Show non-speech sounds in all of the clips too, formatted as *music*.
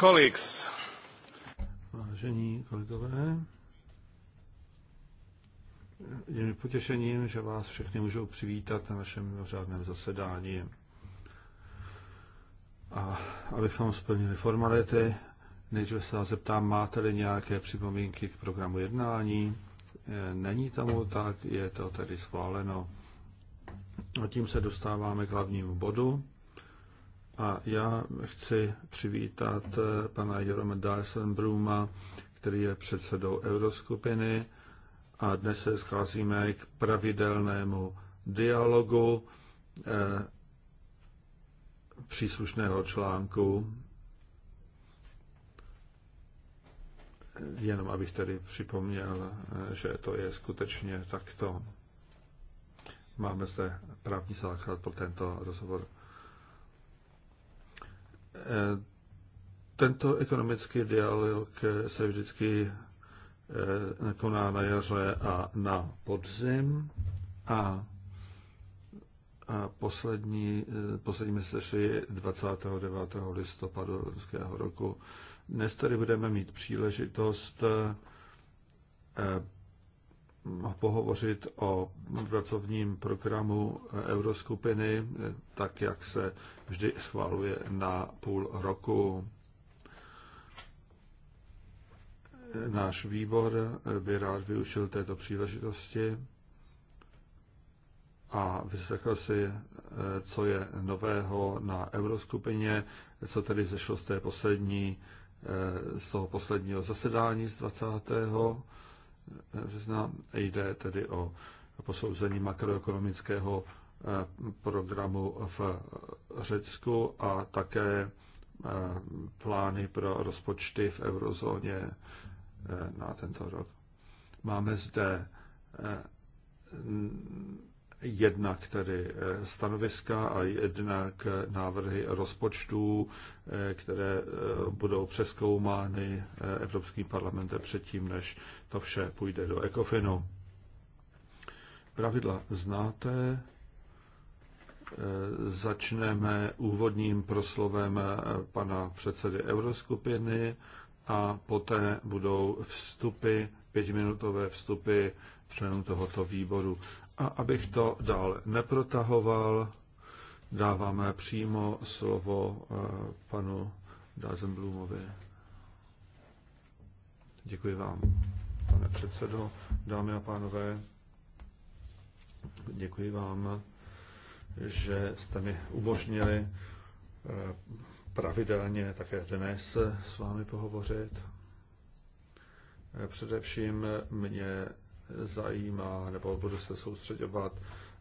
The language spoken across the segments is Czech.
colleagues. Vážení kolegové, je mi potěšením, že vás všechny můžou přivítat na našem mimořádném zasedání. A abychom splnili formality, nejdříve se vás zeptám, máte-li nějaké připomínky k programu jednání? Eh, není tomu tak, je to tedy schváleno. A tím se dostáváme k hlavnímu bodu, a já chci přivítat eh, pana Jerome Dyson-Bruma, který je předsedou Euroskupiny a dnes se scházíme k pravidelnému dialogu eh, příslušného článku. Jenom abych tedy připomněl, eh, že to je skutečně takto. Máme zde právní základ pro tento rozhovor. Eh, tento ekonomický dialog eh, se vždycky eh, koná na jaře a na podzim a, a poslední, poslední je 29. listopadu loňského roku. Dnes tady budeme mít příležitost pohovořit o pracovním programu Euroskupiny, tak jak se vždy schvaluje na půl roku. Náš výbor by rád využil této příležitosti a vyslechl si, co je nového na Euroskupině, co tedy zešlo z, té poslední, z toho posledního zasedání z 20 března Jde tedy o posouzení makroekonomického eh, programu v Řecku a také eh, plány pro rozpočty v eurozóně eh, na tento rok. Máme zde jednak tedy eh, stanoviska a jednak eh, návrhy rozpočtů, eh, které budou přeskoumány Evropským parlamentem předtím, než to vše půjde do ECOFINu. Pravidla znáte. Začneme úvodním proslovem pana předsedy Euroskupiny a poté budou vstupy, pětiminutové vstupy členů tohoto výboru. A abych to dál neprotahoval, dáváme přímo slovo eh, panu Dazenblumovi. Děkuji vám, pane předsedo, dámy a pánové. Děkuji vám, že jste mi umožnili eh, pravidelně také dnes s vámi pohovořit. Eh, především mě zajímá, nebo budu se soustředovat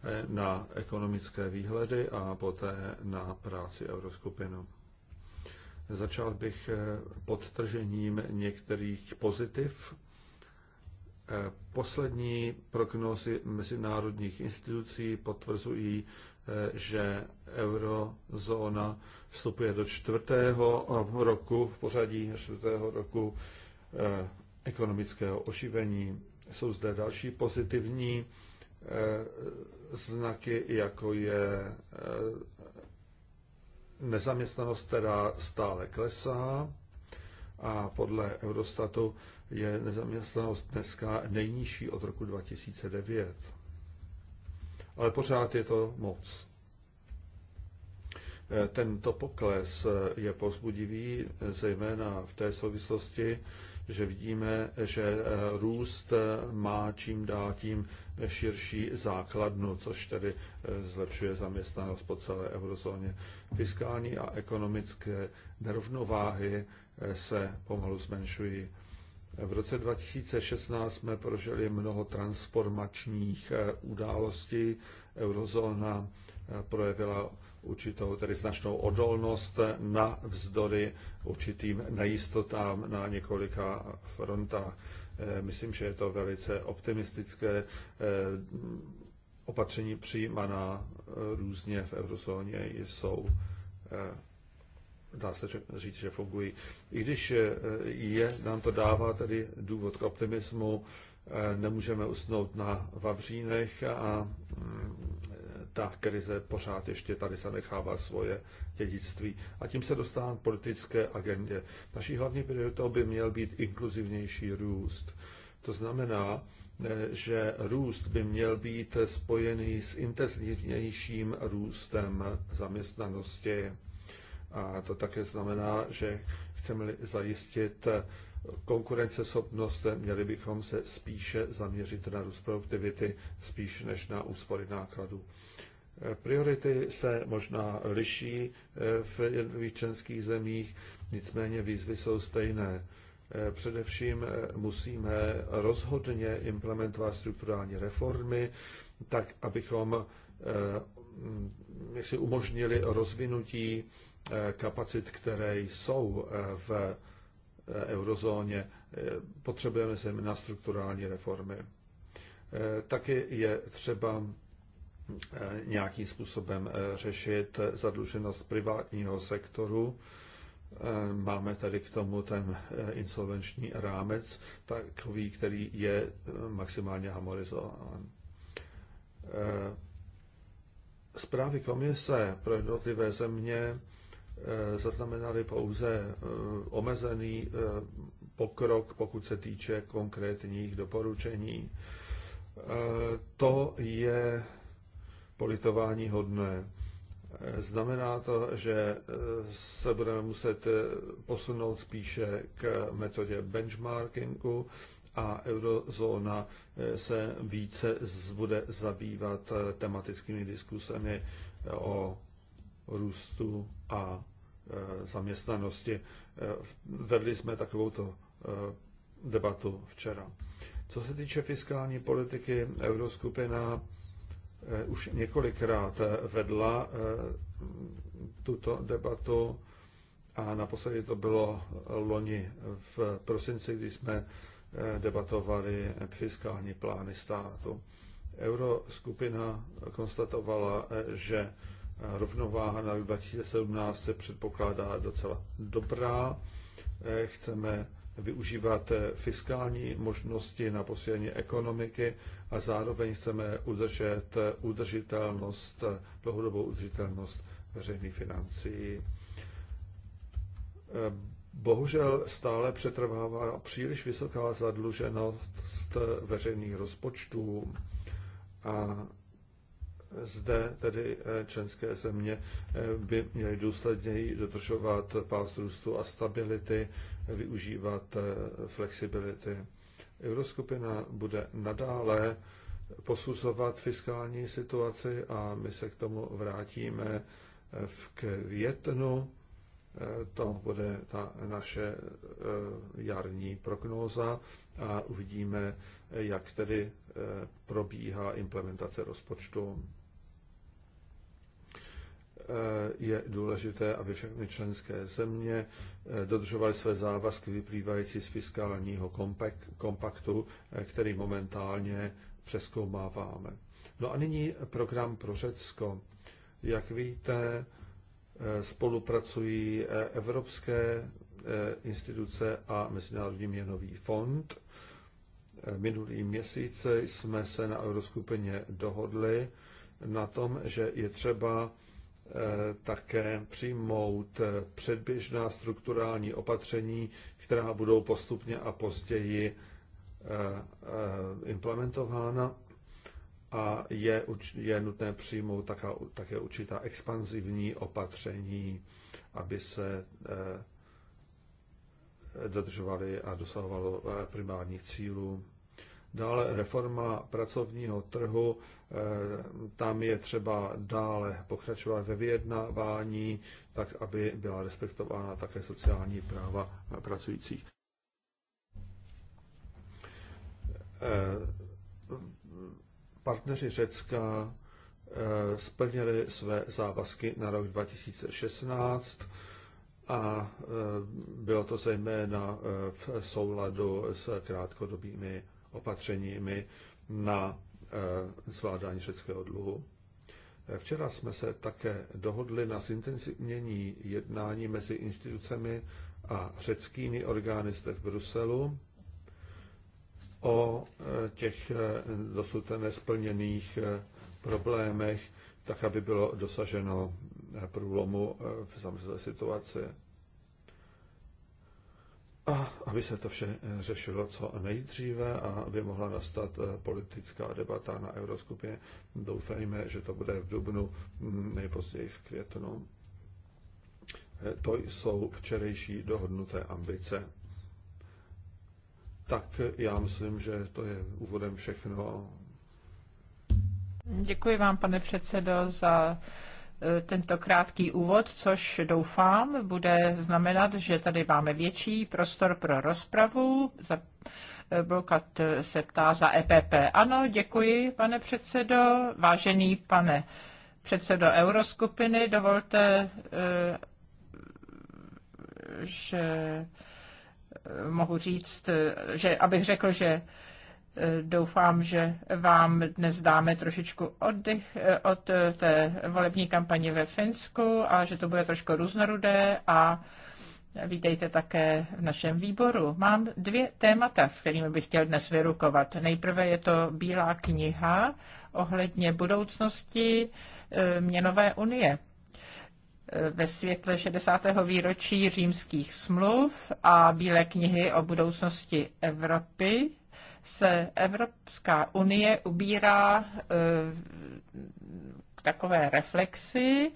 eh, na ekonomické výhledy a poté na práci Euroskupinu. Začal bych eh, podtržením některých pozitiv. Eh, poslední prognózy mezinárodních institucí potvrzují, že eurozóna vstupuje do čtvrtého roku v pořadí čtvrtého roku ekonomického oživení. Jsou zde další pozitivní eh, znaky, jako je eh, nezaměstnanost, která stále klesá a podle Eurostatu je nezaměstnanost dneska nejnižší od roku 2009. Ale pořád je to moc. Eh, tento pokles je pozbudivý, zejména v té souvislosti, že vidíme, že eh, růst eh, má čím dál tím širší základnu, což tedy eh, zlepšuje zaměstnanost po celé eurozóně. Fiskální a ekonomické nerovnováhy se pomalu zmenšují. V roce 2016 jsme prožili mnoho transformačních událostí. Eurozóna projevila určitou tedy značnou odolnost na vzdory určitým nejistotám na několika frontách. Eh, myslím, že je to velice optimistické eh, opatření přijímaná eh, různě v eurozóně jsou dá se říct, že fungují. I když je, nám to dává tedy důvod k optimismu, nemůžeme usnout na Vavřínech a mm, ta krize pořád ještě tady zanechává svoje dědictví. A tím se dostávám k politické agendě. Naší hlavní prioritou by měl být inkluzivnější růst. To znamená, eh, že růst by měl být spojený s intenzivnějším růstem zaměstnanosti. A to také znamená, že chceme zajistit eh, konkurenceschopnost, měli bychom se spíše zaměřit na růst produktivity, spíš než na úspory nákladů. Priority se možná liší eh, v jednotlivých členských zemích, nicméně výzvy jsou stejné. Eh, především eh, musíme rozhodně implementovat strukturální reformy, tak abychom mm, si umožnili rozvinutí kapacit, které jsou v eurozóně. Potřebujeme se na strukturální reformy. Taky je třeba Eh, nějakým způsobem eh, řešit zadluženost privátního sektoru. Eh, máme tady k tomu ten insolvenční rámec, takový, který je maximálně harmonizován. Zprávy komise pro jednotlivé země zaznamenaly pouze omezený pokrok, pokud se týče konkrétních doporučení. To je politování hodné. Eh, znamená to, že eh, se budeme muset eh, posunout spíše k metodě benchmarkingu a eurozóna se více bude zabývat tematickými diskusemi o růstu a zaměstnanosti. Vedli jsme takovouto debatu včera. Co se týče fiskální politiky, euroskupina Eh, už několikrát eh, vedla eh, tuto debatu a naposledy to bylo loni v prosinci, kdy jsme debatovali fiskální plány státu. Euroskupina konstatovala, že rovnováha na 2017 se předpokládá docela dobrá. Chceme využívat fiskální možnosti na posílení ekonomiky a zároveň chceme udržet udržitelnost, dlouhodobou udržitelnost veřejných financí. Bohužel stále přetrvává příliš vysoká zadluženost veřejných rozpočtů a zde tedy členské země by měly důsledněji dotržovat pás růstu a stability, využívat flexibility. Euroskupina bude nadále posuzovat fiskální situaci a my se k tomu vrátíme v květnu. To bude ta naše eh, jarní prognóza a uvidíme, jak tedy eh, probíhá implementace rozpočtu. Eh, je důležité, aby všechny členské země eh, dodržovaly své závazky vyplývající z fiskálního kompaktu, eh, který momentálně přeskoumáváme. No a nyní program pro Řecko. Jak víte, spolupracují evropské instituce a Mezinárodní měnový fond. Minulý měsíc jsme se na Euroskupině dohodli na tom, že je třeba Eh, také přijmout eh, předběžná strukturální opatření, která budou postupně a později eh, implementována a je, je nutné přijmout taká, také určitá expanzivní opatření, aby se dodržovaly a dosahovalo primárních cílů. Dále reforma pracovního trhu, eh, tam je třeba dále pokračovat ve vyjednávání, tak aby byla respektována také sociální práva pracujících. Eh, partneři Řecka eh, splnili své závazky na rok 2016 a bylo to zejména v souladu s krátkodobými opatřeními na eh, zvládání řeckého dluhu. Eh, včera jsme se také dohodli na zintenzivnění jednání mezi institucemi a řeckými orgány zde v Bruselu o eh, těch dosud nesplněných problémech, tak aby bylo dosaženo průlomu v samozřejmé situaci a aby se to vše eh, řešilo co nejdříve a aby mohla nastat eh, politická debata na Euroskupině. Doufejme, že to bude v dubnu, mm, nejpozději v květnu. Eh, to jsou včerejší dohodnuté ambice. Tak já myslím, že to je úvodem všechno. Děkuji vám, pane předsedo, za tento krátký úvod, což doufám bude znamenat, že tady máme větší prostor pro rozpravu. Eh, Blokat se ptá za EPP. Ano, děkuji, pane předsedo. Vážený pane předsedo Euroskupiny, dovolte, eh, že eh, mohu říct, že abych řekl, že Doufám, že vám dnes dáme trošičku oddech eh, od eh, té volební kampaně ve Finsku a že to bude trošku různorudé a Vítejte také v našem výboru. Mám dvě témata, s kterými bych chtěl dnes vyrukovat. Nejprve je to Bílá kniha ohledně budoucnosti eh, měnové unie ve světle 60. výročí římských smluv a Bílé knihy o budoucnosti Evropy se Evropská unie ubírá eh, k takové reflexi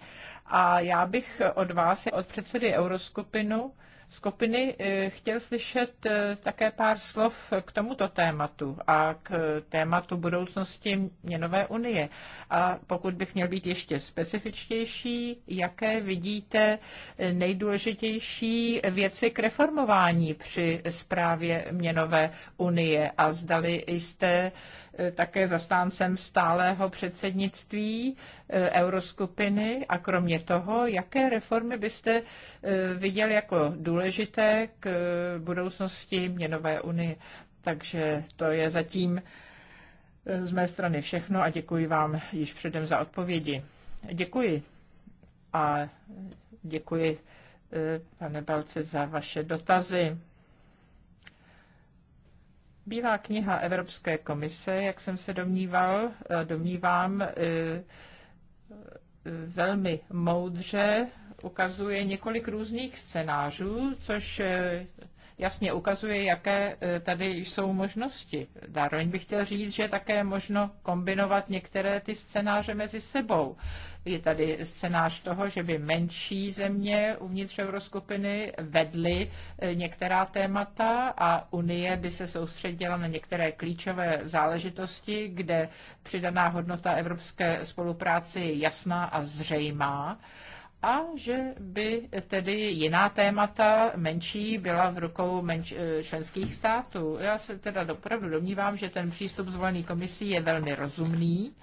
a já bych od vás, od předsedy Euroskupinu, skupiny eh, chtěl slyšet eh, také pár slov k tomuto tématu a k eh, tématu budoucnosti měnové unie. A pokud bych měl být ještě specifičtější, jaké vidíte nejdůležitější věci k reformování při zprávě měnové unie a zdali jste Eh, také zastáncem stálého předsednictví eh, euroskupiny a kromě toho, jaké reformy byste eh, viděl jako důležité k budoucnosti měnové unie. Takže to je zatím z mé strany všechno a děkuji vám již předem za odpovědi. Děkuji a děkuji, pane Balce, za vaše dotazy. Bílá kniha Evropské komise, jak jsem se domníval, eh, domnívám, eh, eh, velmi moudře ukazuje několik různých scénářů, což jasně ukazuje, jaké tady jsou možnosti. Zároveň bych chtěl říct, že je také možno kombinovat některé ty scénáře mezi sebou. Je tady scénář toho, že by menší země uvnitř euroskupiny vedly eh, některá témata a Unie by se soustředila na některé klíčové záležitosti, kde přidaná hodnota evropské spolupráce je jasná a zřejmá a že by tedy jiná témata menší byla v rukou menš, eh, členských států. Já se teda opravdu domnívám, že ten přístup zvolený komisí je velmi rozumný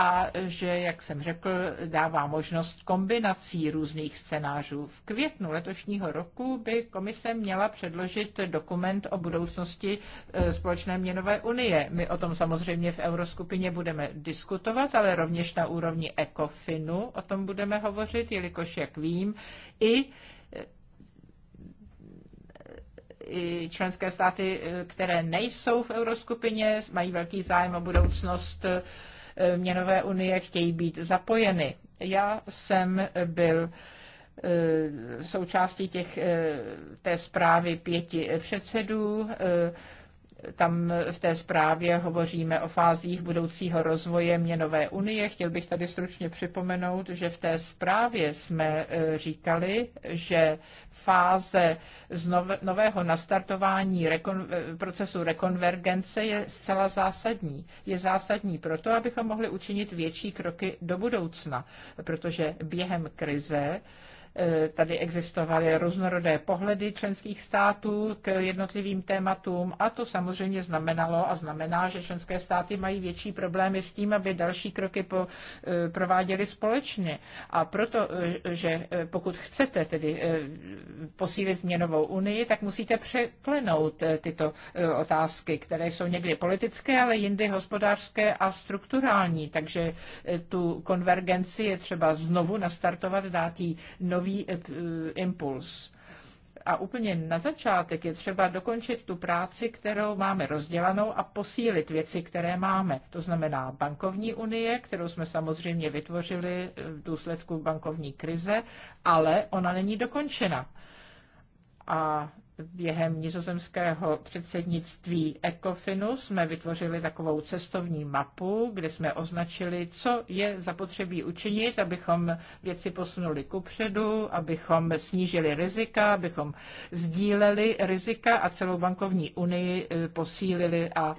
a že, jak jsem řekl, dává možnost kombinací různých scénářů. V květnu letošního roku by komise měla předložit dokument o budoucnosti e, společné měnové unie. My o tom samozřejmě v Euroskupině budeme diskutovat, ale rovněž na úrovni ECOFINu o tom budeme hovořit, jelikož, jak vím, i e, i členské státy, e, které nejsou v euroskupině, mají velký zájem o budoucnost E, měnové unie chtějí být zapojeny. Já jsem byl e, součástí těch, e, té zprávy pěti předsedů tam v té zprávě hovoříme o fázích budoucího rozvoje měnové unie. Chtěl bych tady stručně připomenout, že v té zprávě jsme e, říkali, že fáze z nového nastartování rekon, e, procesu rekonvergence je zcela zásadní. Je zásadní proto, abychom mohli učinit větší kroky do budoucna, protože během krize Eh, tady existovaly různorodé pohledy členských států k jednotlivým tématům a to samozřejmě znamenalo a znamená, že členské státy mají větší problémy s tím, aby další kroky po, eh, prováděly společně. A proto, eh, že pokud chcete tedy posílit měnovou unii, tak musíte překlenout tyto otázky, které jsou někdy politické, ale jindy hospodářské a strukturální. Takže tu konvergenci je třeba znovu nastartovat, dát jí nový nový eh, eh, impuls. A úplně na začátek je třeba dokončit tu práci, kterou máme rozdělanou a posílit věci, které máme. To znamená bankovní unie, kterou jsme samozřejmě vytvořili eh, v důsledku bankovní krize, ale ona není dokončena. A během nizozemského předsednictví ECOFINu jsme vytvořili takovou cestovní mapu, kde jsme označili, co je zapotřebí učinit, abychom věci posunuli kupředu, abychom snížili rizika, abychom sdíleli rizika a celou bankovní unii eh, posílili a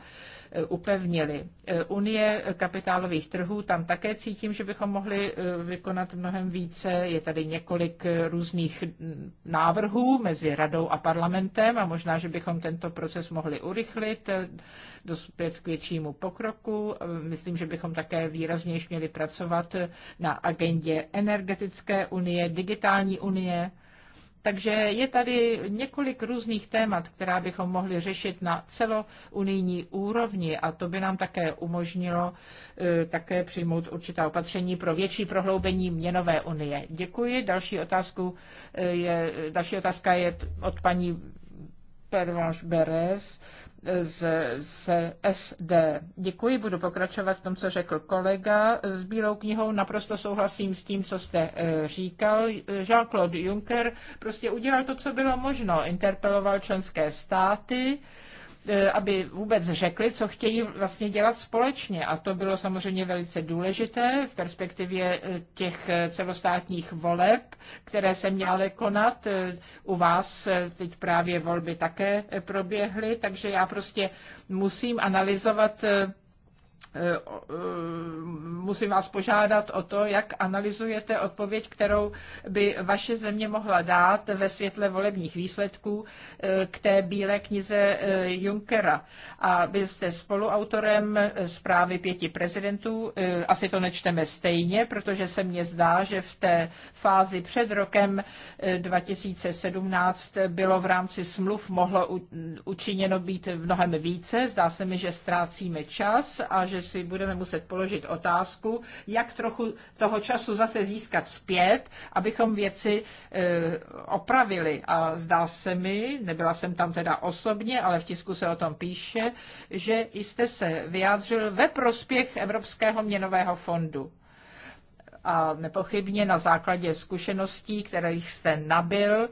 Eh, upevnili. Eh, unie kapitálových trhů, tam také cítím, že bychom mohli eh, vykonat mnohem více. Je tady několik různých návrhů mezi radou a parlamentem a možná, že bychom tento proces mohli urychlit, dospět k většímu pokroku. Myslím, že bychom také výrazněji měli pracovat na agendě energetické unie, digitální unie takže je tady několik různých témat, která bychom mohli řešit na celounijní úrovni a to by nám také umožnilo eh, také přijmout určitá opatření pro větší prohloubení měnové unie. Děkuji. Další, otázku eh, je, další otázka je od paní Pervanš Beres z, z SD. Děkuji, budu pokračovat v tom, co řekl kolega. S Bílou knihou naprosto souhlasím s tím, co jste eh, říkal. Jean-Claude Juncker prostě udělal to, co bylo možno. Interpeloval členské státy, E, aby vůbec řekli, co chtějí vlastně dělat společně. A to bylo samozřejmě velice důležité v perspektivě e, těch e, celostátních voleb, které se měly konat. U vás teď právě volby také proběhly, takže já prostě musím analyzovat Eh, eh, musím vás požádat o to, jak analyzujete odpověď, kterou by vaše země mohla dát ve světle volebních výsledků eh, k té bílé knize Junckera. A vy jste spoluautorem zprávy pěti prezidentů. Asi to nečteme stejně, protože se mně zdá, že v té fázi před rokem 2017 bylo v rámci smluv mohlo učiněno být mnohem více. Zdá se mi, že ztrácíme čas a že si budeme muset položit otázku, jak trochu toho času zase získat zpět, abychom věci e, opravili. A zdá se mi, nebyla jsem tam teda osobně, ale v tisku se o tom píše, že jste se vyjádřil ve prospěch Evropského měnového fondu a nepochybně na základě zkušeností, kterých jste nabil,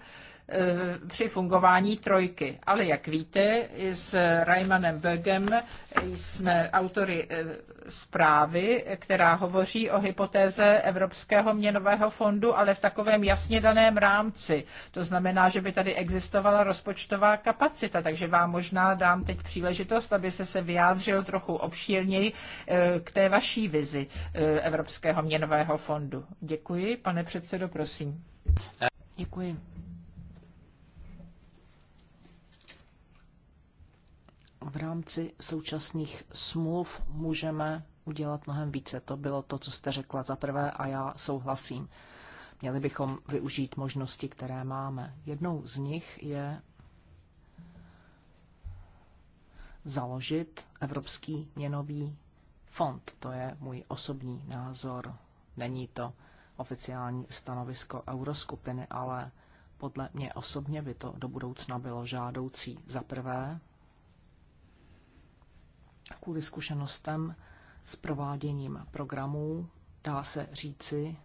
Eh, při fungování trojky. Ale jak víte, s Raymanem Bögem jsme autory eh, zprávy, která hovoří o hypotéze Evropského měnového fondu, ale v takovém jasně daném rámci. To znamená, že by tady existovala rozpočtová kapacita, takže vám možná dám teď příležitost, aby se se vyjádřil trochu obšírněji eh, k té vaší vizi Evropského měnového fondu. Děkuji, pane předsedo, prosím. Děkuji. v rámci současných smluv můžeme udělat mnohem více. To bylo to, co jste řekla za prvé a já souhlasím. Měli bychom využít možnosti, které máme. Jednou z nich je založit Evropský měnový fond. To je můj osobní názor. Není to oficiální stanovisko euroskupiny, ale podle mě osobně by to do budoucna bylo žádoucí. Za prvé, Kvůli zkušenostem s prováděním programů dá se říci,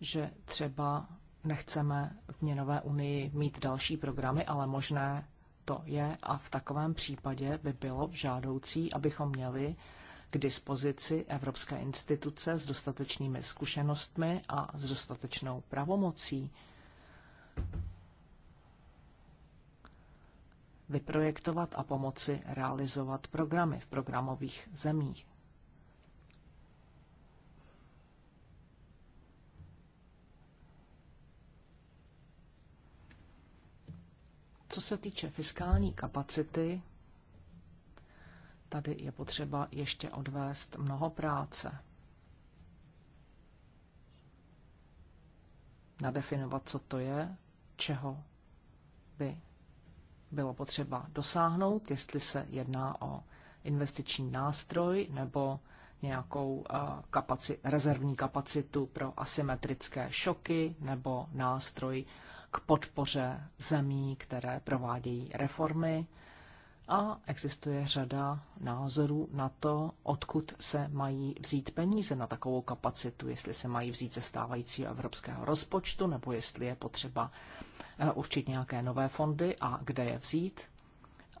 že třeba nechceme v měnové unii mít další programy, ale možné to je a v takovém případě by bylo žádoucí, abychom měli k dispozici evropské instituce s dostatečnými zkušenostmi a s dostatečnou pravomocí vyprojektovat a pomoci realizovat programy v programových zemích. Co se týče fiskální kapacity, tady je potřeba ještě odvést mnoho práce. Nadefinovat, co to je, čeho by bylo potřeba dosáhnout, jestli se jedná o investiční nástroj nebo nějakou eh, kapaci, rezervní kapacitu pro asymetrické šoky nebo nástroj k podpoře zemí, které provádějí reformy. A existuje řada názorů na to, odkud se mají vzít peníze na takovou kapacitu, jestli se mají vzít ze stávajícího evropského rozpočtu, nebo jestli je potřeba Eh, určit nějaké nové fondy a kde je vzít.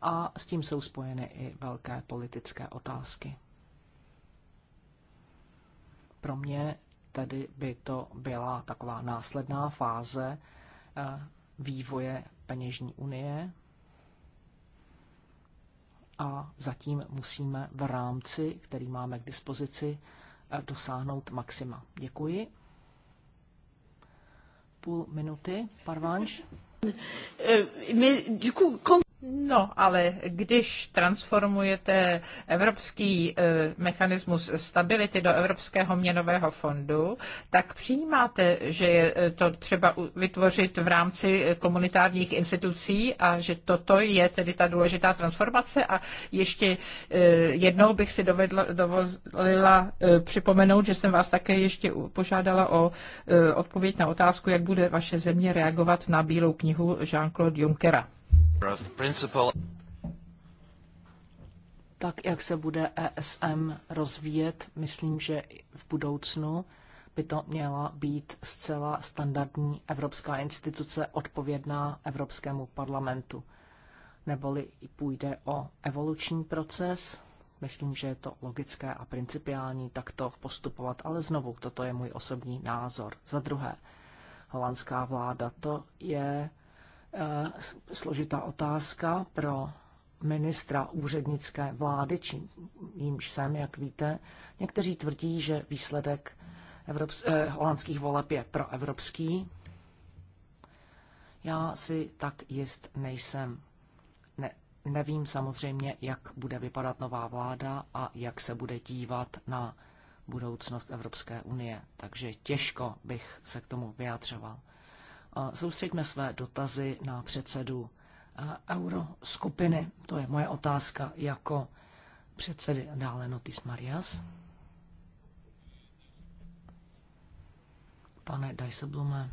A s tím jsou spojeny i velké politické otázky. Pro mě tedy by to byla taková následná fáze eh, vývoje peněžní unie, a zatím musíme v rámci, který máme k dispozici, eh, dosáhnout maxima. Děkuji půl minuty. Parvanš. Eh, No, ale když transformujete evropský e, mechanismus stability do Evropského měnového fondu, tak přijímáte, že je e, to třeba vytvořit v rámci e, komunitárních institucí a že toto je tedy ta důležitá transformace. A ještě jednou bych si dovedla, dovolila připomenout, že jsem vás také ještě požádala o odpověď na otázku, jak bude vaše země reagovat na Bílou knihu Jean-Claude Junckera. Tak jak se bude ESM rozvíjet, myslím, že v budoucnu by to měla být zcela standardní evropská instituce odpovědná Evropskému parlamentu. Neboli půjde o evoluční proces, myslím, že je to logické a principiální takto postupovat, ale znovu, toto je můj osobní názor. Za druhé, holandská vláda to je Eh, složitá otázka pro ministra úřednické vlády, čím jímž jsem, jak víte. Někteří tvrdí, že výsledek Evrops- eh, holandských voleb je proevropský. Já si tak jist nejsem. Ne, nevím samozřejmě, jak bude vypadat nová vláda a jak se bude dívat na budoucnost Evropské unie, takže těžko bych se k tomu vyjadřoval soustředíme své dotazy na předsedu eh, euroskupiny. To je moje otázka jako předsedy dále Notis Marias. Pane Dajsoblume,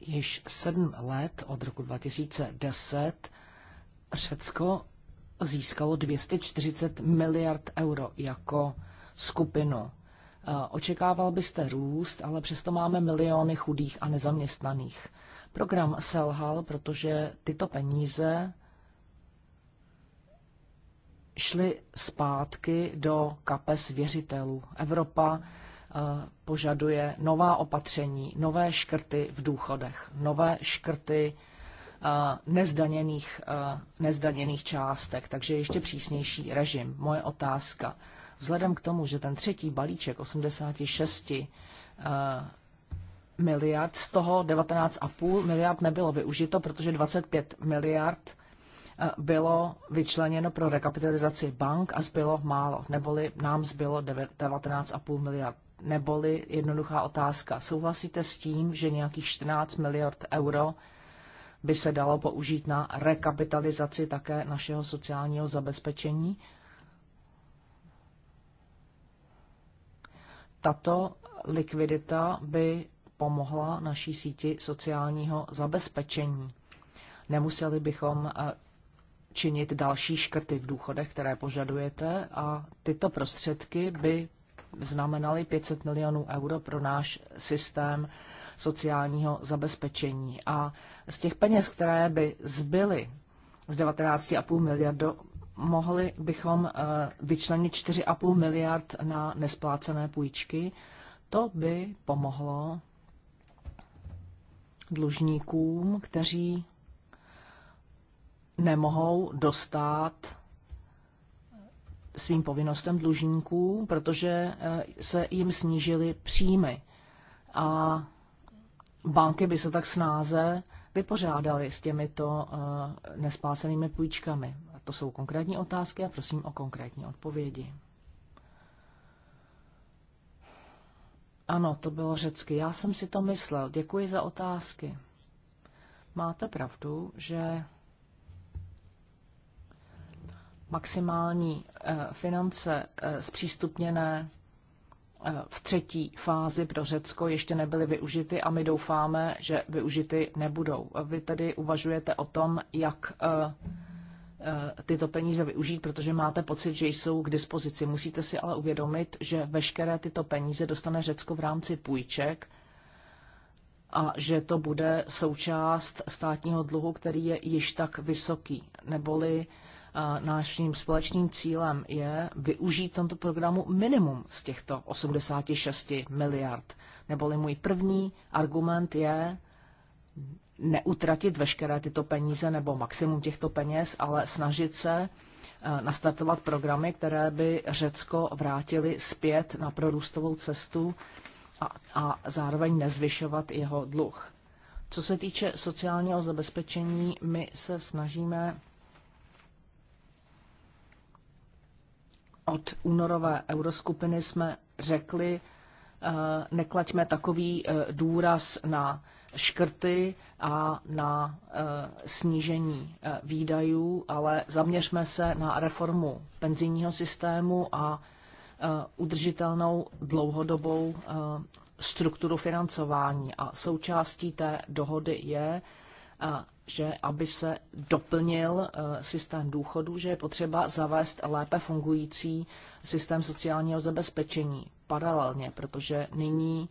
již sedm let od roku 2010 Řecko získalo 240 miliard euro jako skupinu Eh, očekával byste růst, ale přesto máme miliony chudých a nezaměstnaných. Program selhal, protože tyto peníze šly zpátky do kapes věřitelů. Evropa eh, požaduje nová opatření, nové škrty v důchodech, nové škrty eh, nezdaněných, nezdaněných částek, takže ještě přísnější režim. Moje otázka. Vzhledem k tomu, že ten třetí balíček 86 eh, miliard, z toho 19,5 miliard nebylo využito, protože 25 miliard eh, bylo vyčleněno pro rekapitalizaci bank a zbylo málo, neboli nám zbylo 19,5 miliard. Neboli jednoduchá otázka. Souhlasíte s tím, že nějakých 14 miliard euro by se dalo použít na rekapitalizaci také našeho sociálního zabezpečení? Tato likvidita by pomohla naší síti sociálního zabezpečení. Nemuseli bychom eh, činit další škrty v důchodech, které požadujete a tyto prostředky by znamenaly 500 milionů euro pro náš systém sociálního zabezpečení. A z těch peněz, které by zbyly z 19,5 miliardy, mohli bychom eh, vyčlenit 4,5 miliard na nesplácené půjčky. To by pomohlo dlužníkům, kteří nemohou dostat svým povinnostem dlužníků, protože eh, se jim snížily příjmy. A banky by se tak snáze vypořádaly s těmito eh, nesplácenými půjčkami. To jsou konkrétní otázky a prosím o konkrétní odpovědi. Ano, to bylo řecky. Já jsem si to myslel. Děkuji za otázky. Máte pravdu, že maximální eh, finance eh, zpřístupněné eh, v třetí fázi pro Řecko ještě nebyly využity a my doufáme, že využity nebudou. Vy tedy uvažujete o tom, jak Eh, tyto peníze využít, protože máte pocit, že jsou k dispozici. Musíte si ale uvědomit, že veškeré tyto peníze dostane Řecko v rámci půjček a že to bude součást státního dluhu, který je již tak vysoký. Neboli eh, naším společným cílem je využít tento programu minimum z těchto 86 miliard. Neboli můj první argument je, neutratit veškeré tyto peníze nebo maximum těchto peněz, ale snažit se eh, nastartovat programy, které by Řecko vrátily zpět na prorůstovou cestu a, a zároveň nezvyšovat jeho dluh. Co se týče sociálního zabezpečení, my se snažíme od únorové euroskupiny jsme řekli, eh, neklaďme takový eh, důraz na škrty a na eh, snížení eh, výdajů, ale zaměřme se na reformu penzijního systému a eh, udržitelnou dlouhodobou strukturu financování. A součástí té dohody je, že aby se doplnil systém důchodu, že je potřeba zavést lépe fungující systém sociálního zabezpečení paralelně, protože nyní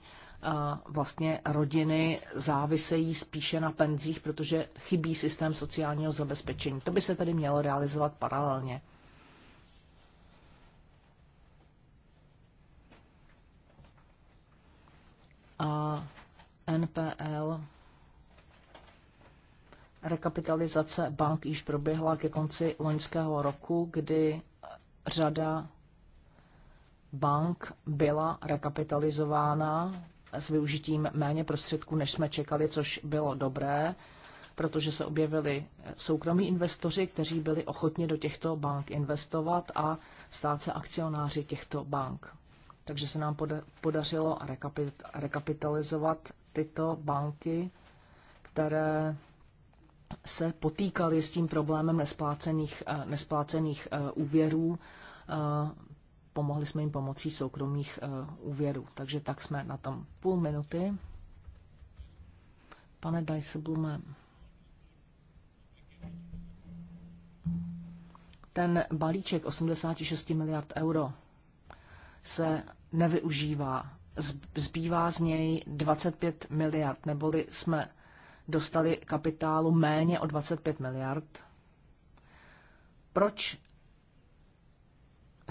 vlastně rodiny závisejí spíše na penzích, protože chybí systém sociálního zabezpečení. To by se tedy mělo realizovat paralelně. A NPL rekapitalizace bank již proběhla ke konci loňského roku, kdy řada bank byla rekapitalizována s využitím méně prostředků, než jsme čekali, což bylo dobré, protože se objevili soukromí investoři, kteří byli ochotni do těchto bank investovat a stát se akcionáři těchto bank. Takže se nám podařilo rekapitalizovat tyto banky, které se potýkaly s tím problémem nesplácených, eh, nesplácených eh, úvěrů eh, pomohli jsme jim pomocí soukromých eh, úvěrů. Takže tak jsme na tom půl minuty. Pane Dajseblume, ten balíček 86 miliard euro se nevyužívá. Zbývá z něj 25 miliard, neboli jsme dostali kapitálu méně o 25 miliard. Proč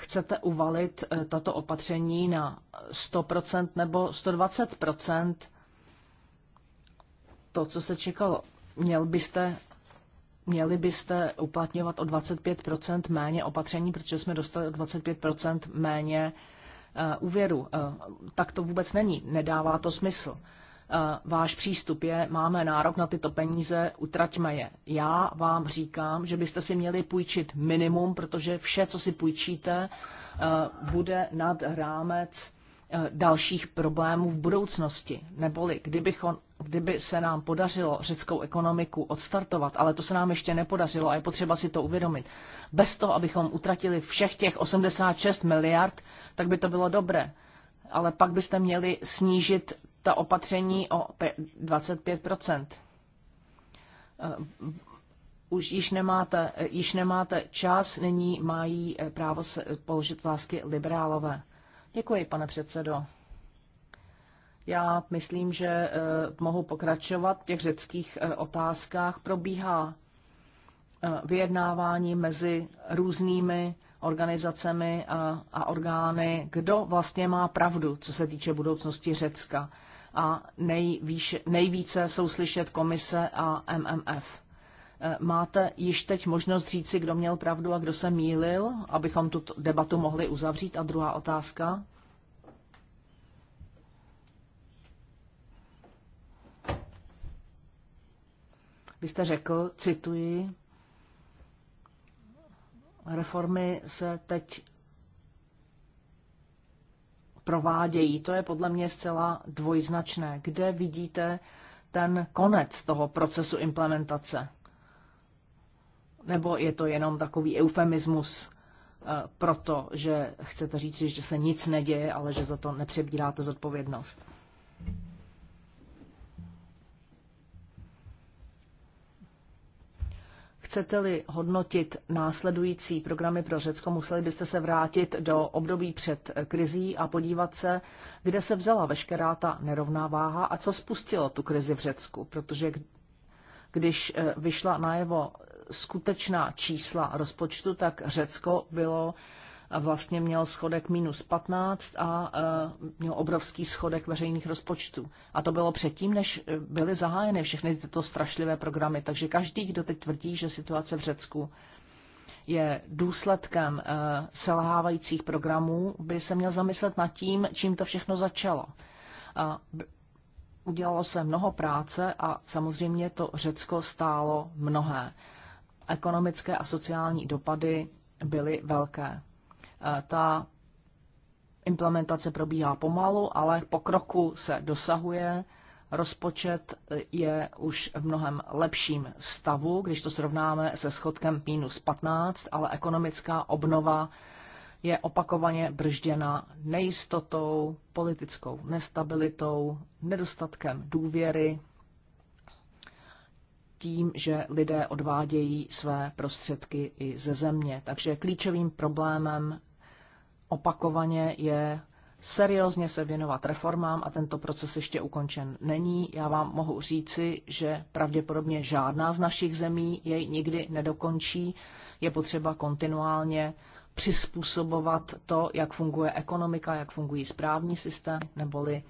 chcete uvalit eh, tato opatření na 100% nebo 120% to, co se čekalo. Měl byste, měli byste uplatňovat o 25% méně opatření, protože jsme dostali o 25% méně eh, úvěru. Eh, tak to vůbec není, nedává to smysl. Eh, váš přístup je, máme nárok na tyto peníze, utraťme je. Já vám říkám, že byste si měli půjčit minimum, protože vše, co si půjčíte, eh, bude nad rámec eh, dalších problémů v budoucnosti. Neboli kdybychom, kdyby se nám podařilo řeckou ekonomiku odstartovat, ale to se nám ještě nepodařilo a je potřeba si to uvědomit, bez toho, abychom utratili všech těch 86 miliard, tak by to bylo dobré ale pak byste měli snížit ta opatření o 25 eh, už již nemáte, eh, již nemáte čas, nyní mají eh, právo se položit otázky liberálové. Děkuji, pane předsedo. Já myslím, že mohu pokračovat v těch řeckých otázkách. Probíhá vyjednávání mezi různými organizacemi a, a orgány, kdo vlastně má pravdu, co se týče budoucnosti Řecka a nejvýš, nejvíce jsou slyšet komise a MMF. Eh, máte již teď možnost říci, kdo měl pravdu a kdo se mýlil, abychom tu debatu mohli uzavřít? A druhá otázka. Vy jste řekl, cituji, reformy se teď provádějí. To je podle mě zcela dvojznačné. Kde vidíte ten konec toho procesu implementace? Nebo je to jenom takový eufemismus eh, to, že chcete říct, že se nic neděje, ale že za to nepřebíráte zodpovědnost? chcete-li hodnotit následující programy pro Řecko, museli byste se vrátit do období před krizí a podívat se, kde se vzala veškerá ta nerovná váha a co spustilo tu krizi v Řecku. Protože když eh, vyšla najevo skutečná čísla rozpočtu, tak Řecko bylo vlastně měl schodek minus 15 a e, měl obrovský schodek veřejných rozpočtů. A to bylo předtím, než byly zahájeny všechny tyto strašlivé programy. Takže každý, kdo teď tvrdí, že situace v Řecku je důsledkem e, selhávajících programů, by se měl zamyslet nad tím, čím to všechno začalo. Udělalo se mnoho práce a samozřejmě to Řecko stálo mnohé. Ekonomické a sociální dopady byly velké. Ta implementace probíhá pomalu, ale pokroku se dosahuje. Rozpočet je už v mnohem lepším stavu, když to srovnáme se schodkem minus 15, ale ekonomická obnova je opakovaně bržděna nejistotou, politickou nestabilitou, nedostatkem důvěry, tím, že lidé odvádějí své prostředky i ze země. Takže klíčovým problémem opakovaně je seriózně se věnovat reformám a tento proces ještě ukončen není. Já vám mohu říci, že pravděpodobně žádná z našich zemí jej nikdy nedokončí. Je potřeba kontinuálně přizpůsobovat to, jak funguje ekonomika, jak fungují správní systém, neboli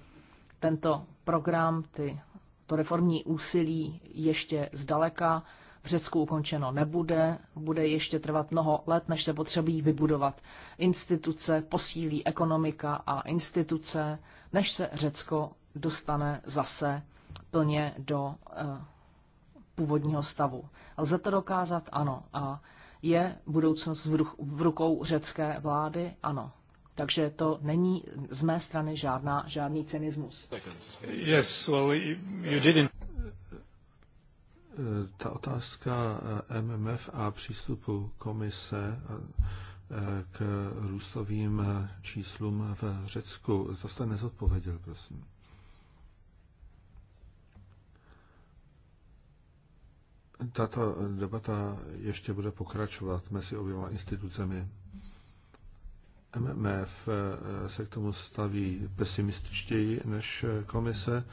tento program, ty, to reformní úsilí ještě zdaleka v Řecku ukončeno nebude, bude ještě trvat mnoho let, než se potřebují vybudovat instituce, posílí ekonomika a instituce, než se Řecko dostane zase plně do eh, původního stavu. Lze to dokázat? Ano. A je budoucnost v rukou řecké vlády? Ano. Takže to není z mé strany žádná, žádný cynismus. Yes, well, you didn't ta otázka eh, MMF a přístupu komise eh, k růstovým eh, číslům v Řecku, to jste nezodpověděl, prosím. Tato debata ještě bude pokračovat mezi oběma institucemi. MMF se k tomu staví pesimističtěji než komise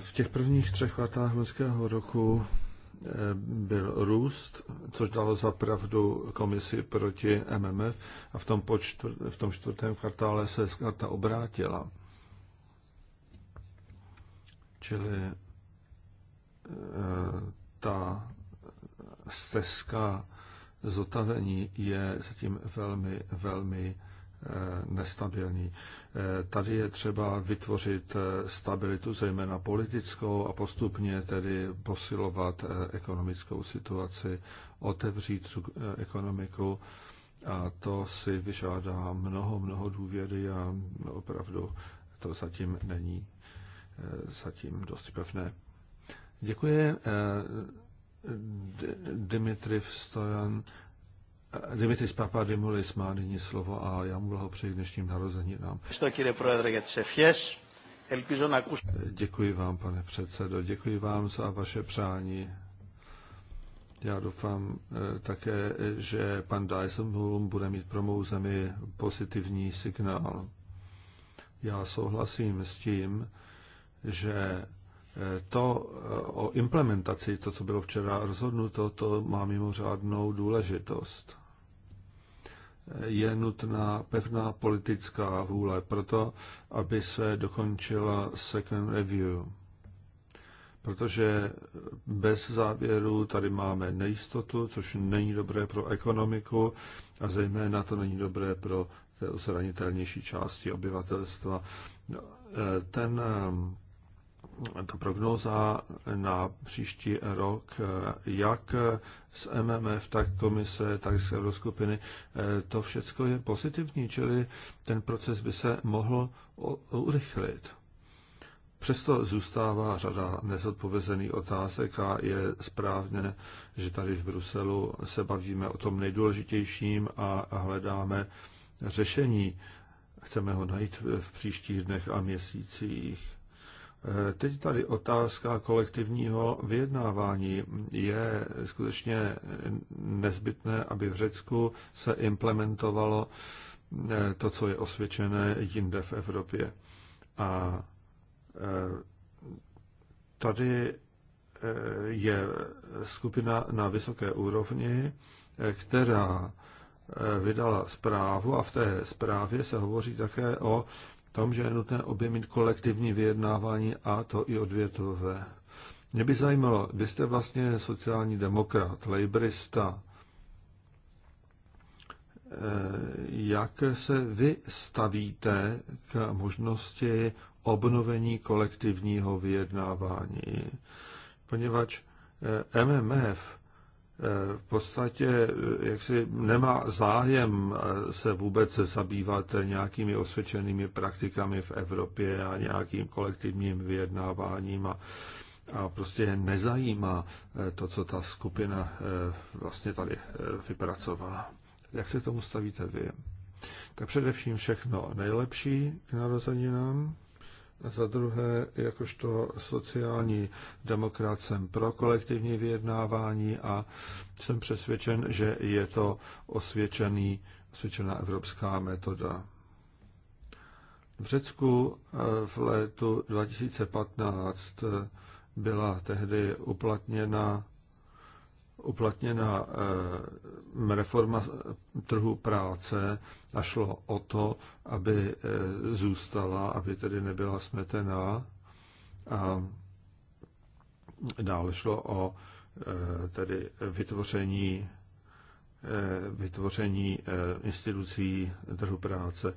v těch prvních třech letách loňského roku eh, byl růst, což dalo za pravdu komisi proti MMF a v tom, počtvr, v tom čtvrtém kvartále se karta obrátila. Čili eh, ta stezka zotavení je zatím velmi, velmi nestabilní. Eh, tady je třeba vytvořit eh, stabilitu, zejména politickou, a postupně tedy posilovat eh, ekonomickou situaci, otevřít tu ekonomiku. A to si vyžádá mnoho, mnoho důvěry a opravdu to zatím není zatím dost pevné. Děkuji. Dimitriv Stojan Dimitris Papadimulis má nyní slovo a já mu blahopřeji dnešním narozeninám. Děkuji vám, pane předsedo, děkuji vám za vaše přání. Já doufám eh, také, že pan Dyson bude mít pro mou zemi pozitivní signál. Já souhlasím s tím, že eh, to eh, o implementaci, to, co bylo včera rozhodnuto, to má mimořádnou důležitost je nutná pevná politická vůle proto, aby se dokončila second review. Protože bez závěru tady máme nejistotu, což není dobré pro ekonomiku a zejména to není dobré pro zranitelnější části obyvatelstva. Ten ta prognóza na příští rok, jak z MMF, tak komise, tak z Euroskupiny, to všechno je pozitivní, čili ten proces by se mohl urychlit. Přesto zůstává řada nezodpovězených otázek a je správně, že tady v Bruselu se bavíme o tom nejdůležitějším a hledáme řešení. Chceme ho najít v příštích dnech a měsících. Teď tady otázka kolektivního vyjednávání. Je skutečně nezbytné, aby v Řecku se implementovalo eh, to, co je osvědčené jinde v Evropě. A eh, tady eh, je skupina na vysoké úrovni, která vydala zprávu a v té zprávě se hovoří také o tom, že je nutné mít kolektivní vyjednávání a to i odvětové. Mě by zajímalo, vy jste vlastně sociální demokrat, lejbrista. Eh, jak se vy stavíte k možnosti obnovení kolektivního vyjednávání? Poněvadž eh, MMF v podstatě eh, jaksi nemá zájem eh, se vůbec zabývat nějakými osvědčenými praktikami v Evropě a nějakým kolektivním vyjednáváním a, a prostě je nezajímá eh, to, co ta skupina vlastně tady vypracovala. Jak se tomu stavíte vy? Tak především všechno nejlepší k narozeninám. Za druhé, jakožto sociální demokrat jsem pro kolektivní vyjednávání a jsem přesvědčen, že je to osvědčený, osvědčená evropská metoda. V Řecku eh, v letu 2015 eh, byla tehdy uplatněna uplatněna eh, reforma trhu práce a šlo o to, aby eh, zůstala, aby tedy nebyla smetená. A dále šlo o eh, tedy vytvoření vytvoření institucí trhu práce.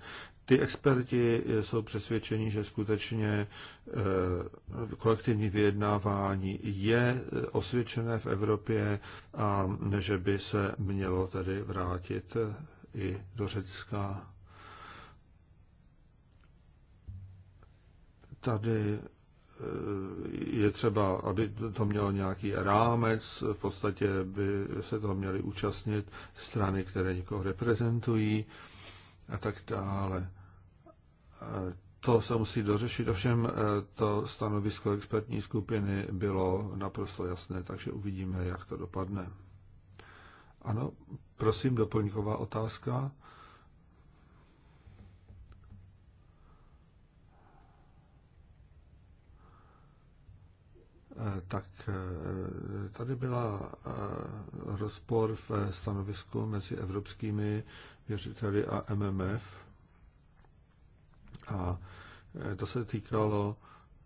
Ty experti jsou přesvědčeni, že skutečně eh, kolektivní vyjednávání je eh, osvědčené v Evropě a že by se mělo tedy vrátit eh, i do Řecka. Tady je třeba, aby to mělo nějaký rámec, v podstatě by se to měly účastnit strany, které někoho reprezentují a tak dále. To se musí dořešit, ovšem eh, to stanovisko expertní skupiny bylo naprosto jasné, takže uvidíme, jak to dopadne. Ano, prosím, doplňková otázka. Eh, tak eh, tady byla rozpor v stanovisku mezi evropskými věřiteli a MMF. A e, to se týkalo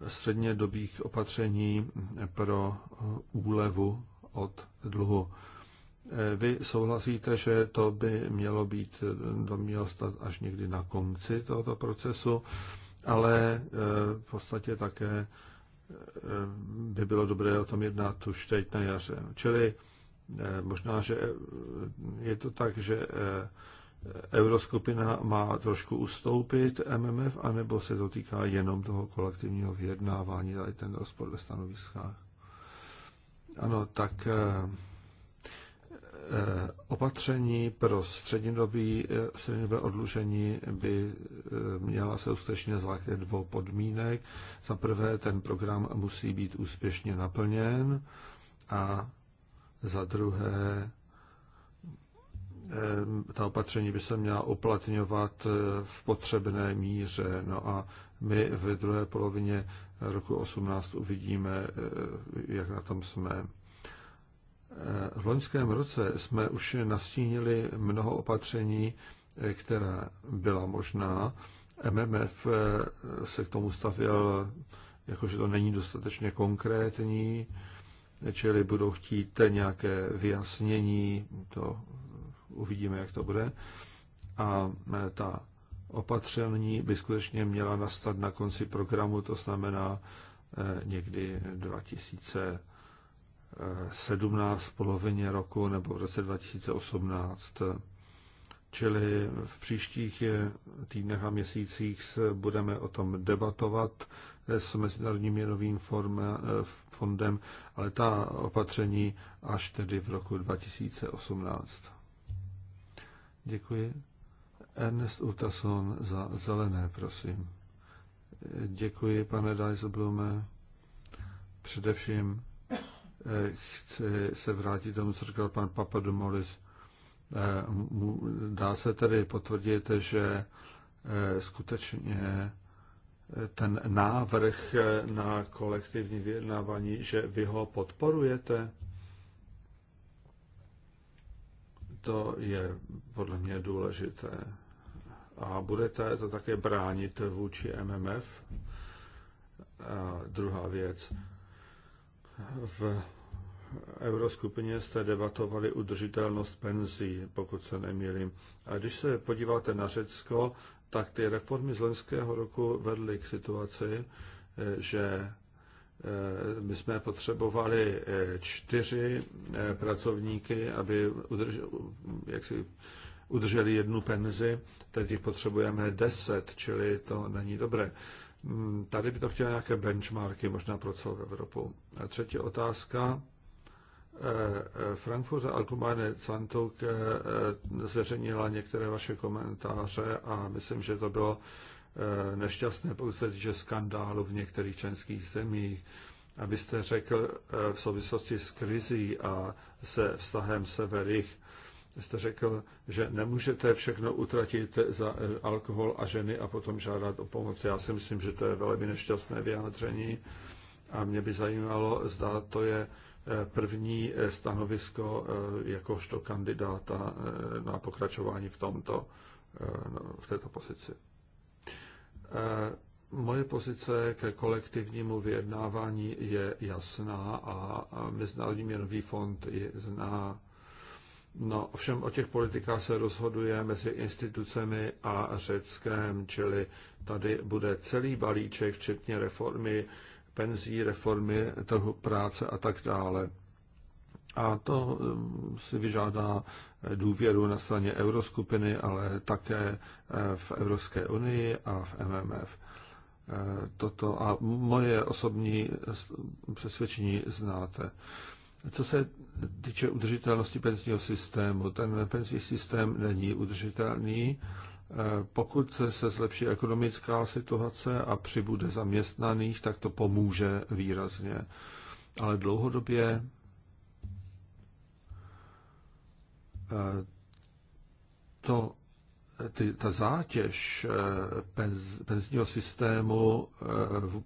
střednědobých opatření pro e, úlevu od dluhu. E, vy souhlasíte, že to by mělo být, to mělo stát až někdy na konci tohoto procesu, ale v podstatě také by bylo dobré o tom jednat už teď na jaře. Čili možná, že je to tak, že euroskupina má trošku ustoupit MMF, anebo se to týká jenom toho kolektivního vyjednávání, ale ten rozpor ve stanoviskách. Ano, tak eh, eh, opatření pro střednědobí eh, střednědobé odlužení by měla se uskutečnit na dvou podmínek. Za prvé, ten program musí být úspěšně naplněn a za druhé, ta opatření by se měla uplatňovat eh, v potřebné míře. No a my v druhé polovině roku 18 uvidíme, eh, jak na tom jsme. Eh, v loňském roce jsme už nastínili mnoho opatření, která byla možná. MMF se k tomu stavěl, jakože to není dostatečně konkrétní, čili budou chtít nějaké vyjasnění, to uvidíme, jak to bude. A e, ta opatření by skutečně měla nastat na konci programu, to znamená e, někdy 2017 v polovině roku nebo v roce 2018. Čili v příštích e, týdnech a měsících se budeme o tom debatovat s Mezinárodním měnovým fondem, ale ta opatření až tedy v roku 2018. Děkuji. Ernest Utason za zelené, prosím. Děkuji, pane Dajzoblume. Především eh, chci se vrátit tomu, co říkal pan Papa Papadomolis. Eh, dá se tedy potvrdit, že eh, skutečně ten návrh na kolektivní vyjednávání, že vy ho podporujete? To je podle mě důležité. A budete to také bránit vůči MMF? A druhá věc. V euroskupině jste debatovali udržitelnost penzí, pokud se nemýlím. A když se podíváte na Řecko, tak ty reformy z loňského roku vedly k situaci, že Eh, my jsme potřebovali eh, čtyři eh, pracovníky, aby udrželi, jak si, udrželi jednu penzi, teď jich potřebujeme deset, čili to není dobré. Hmm, tady by to chtělo nějaké benchmarky, možná pro celou Evropu. A třetí otázka. Frankfurt Allgemeine Zeitung zveřejnila některé vaše komentáře a myslím, že to bylo Eh, nešťastné, pokud že skandálu v některých členských zemích, abyste řekl eh, v souvislosti s krizí a se vztahem severých, jste řekl, že nemůžete všechno utratit za eh, alkohol a ženy a potom žádat o pomoc. Já si myslím, že to je velmi nešťastné vyjádření a mě by zajímalo, zda to je první stanovisko jakožto kandidáta na pokračování v, tomto, no, v této pozici. Moje pozice ke kolektivnímu vyjednávání je jasná a Mezinárodní měnový fond je zná. No, ovšem o těch politikách se rozhoduje mezi institucemi a Řeckém, čili tady bude celý balíček, včetně reformy penzí, reformy trhu práce a tak dále. A to um, si vyžádá důvěru na straně euroskupiny, ale také eh, v Evropské unii a v MMF. Eh, toto a moje osobní eh, přesvědčení znáte. Co se týče udržitelnosti penzijního systému, ten penzijní systém není udržitelný. Pokud se zlepší ekonomická situace a přibude zaměstnaných, tak to pomůže výrazně. Ale dlouhodobě Eh, to, ty, ta zátěž eh, penz, penzního systému eh,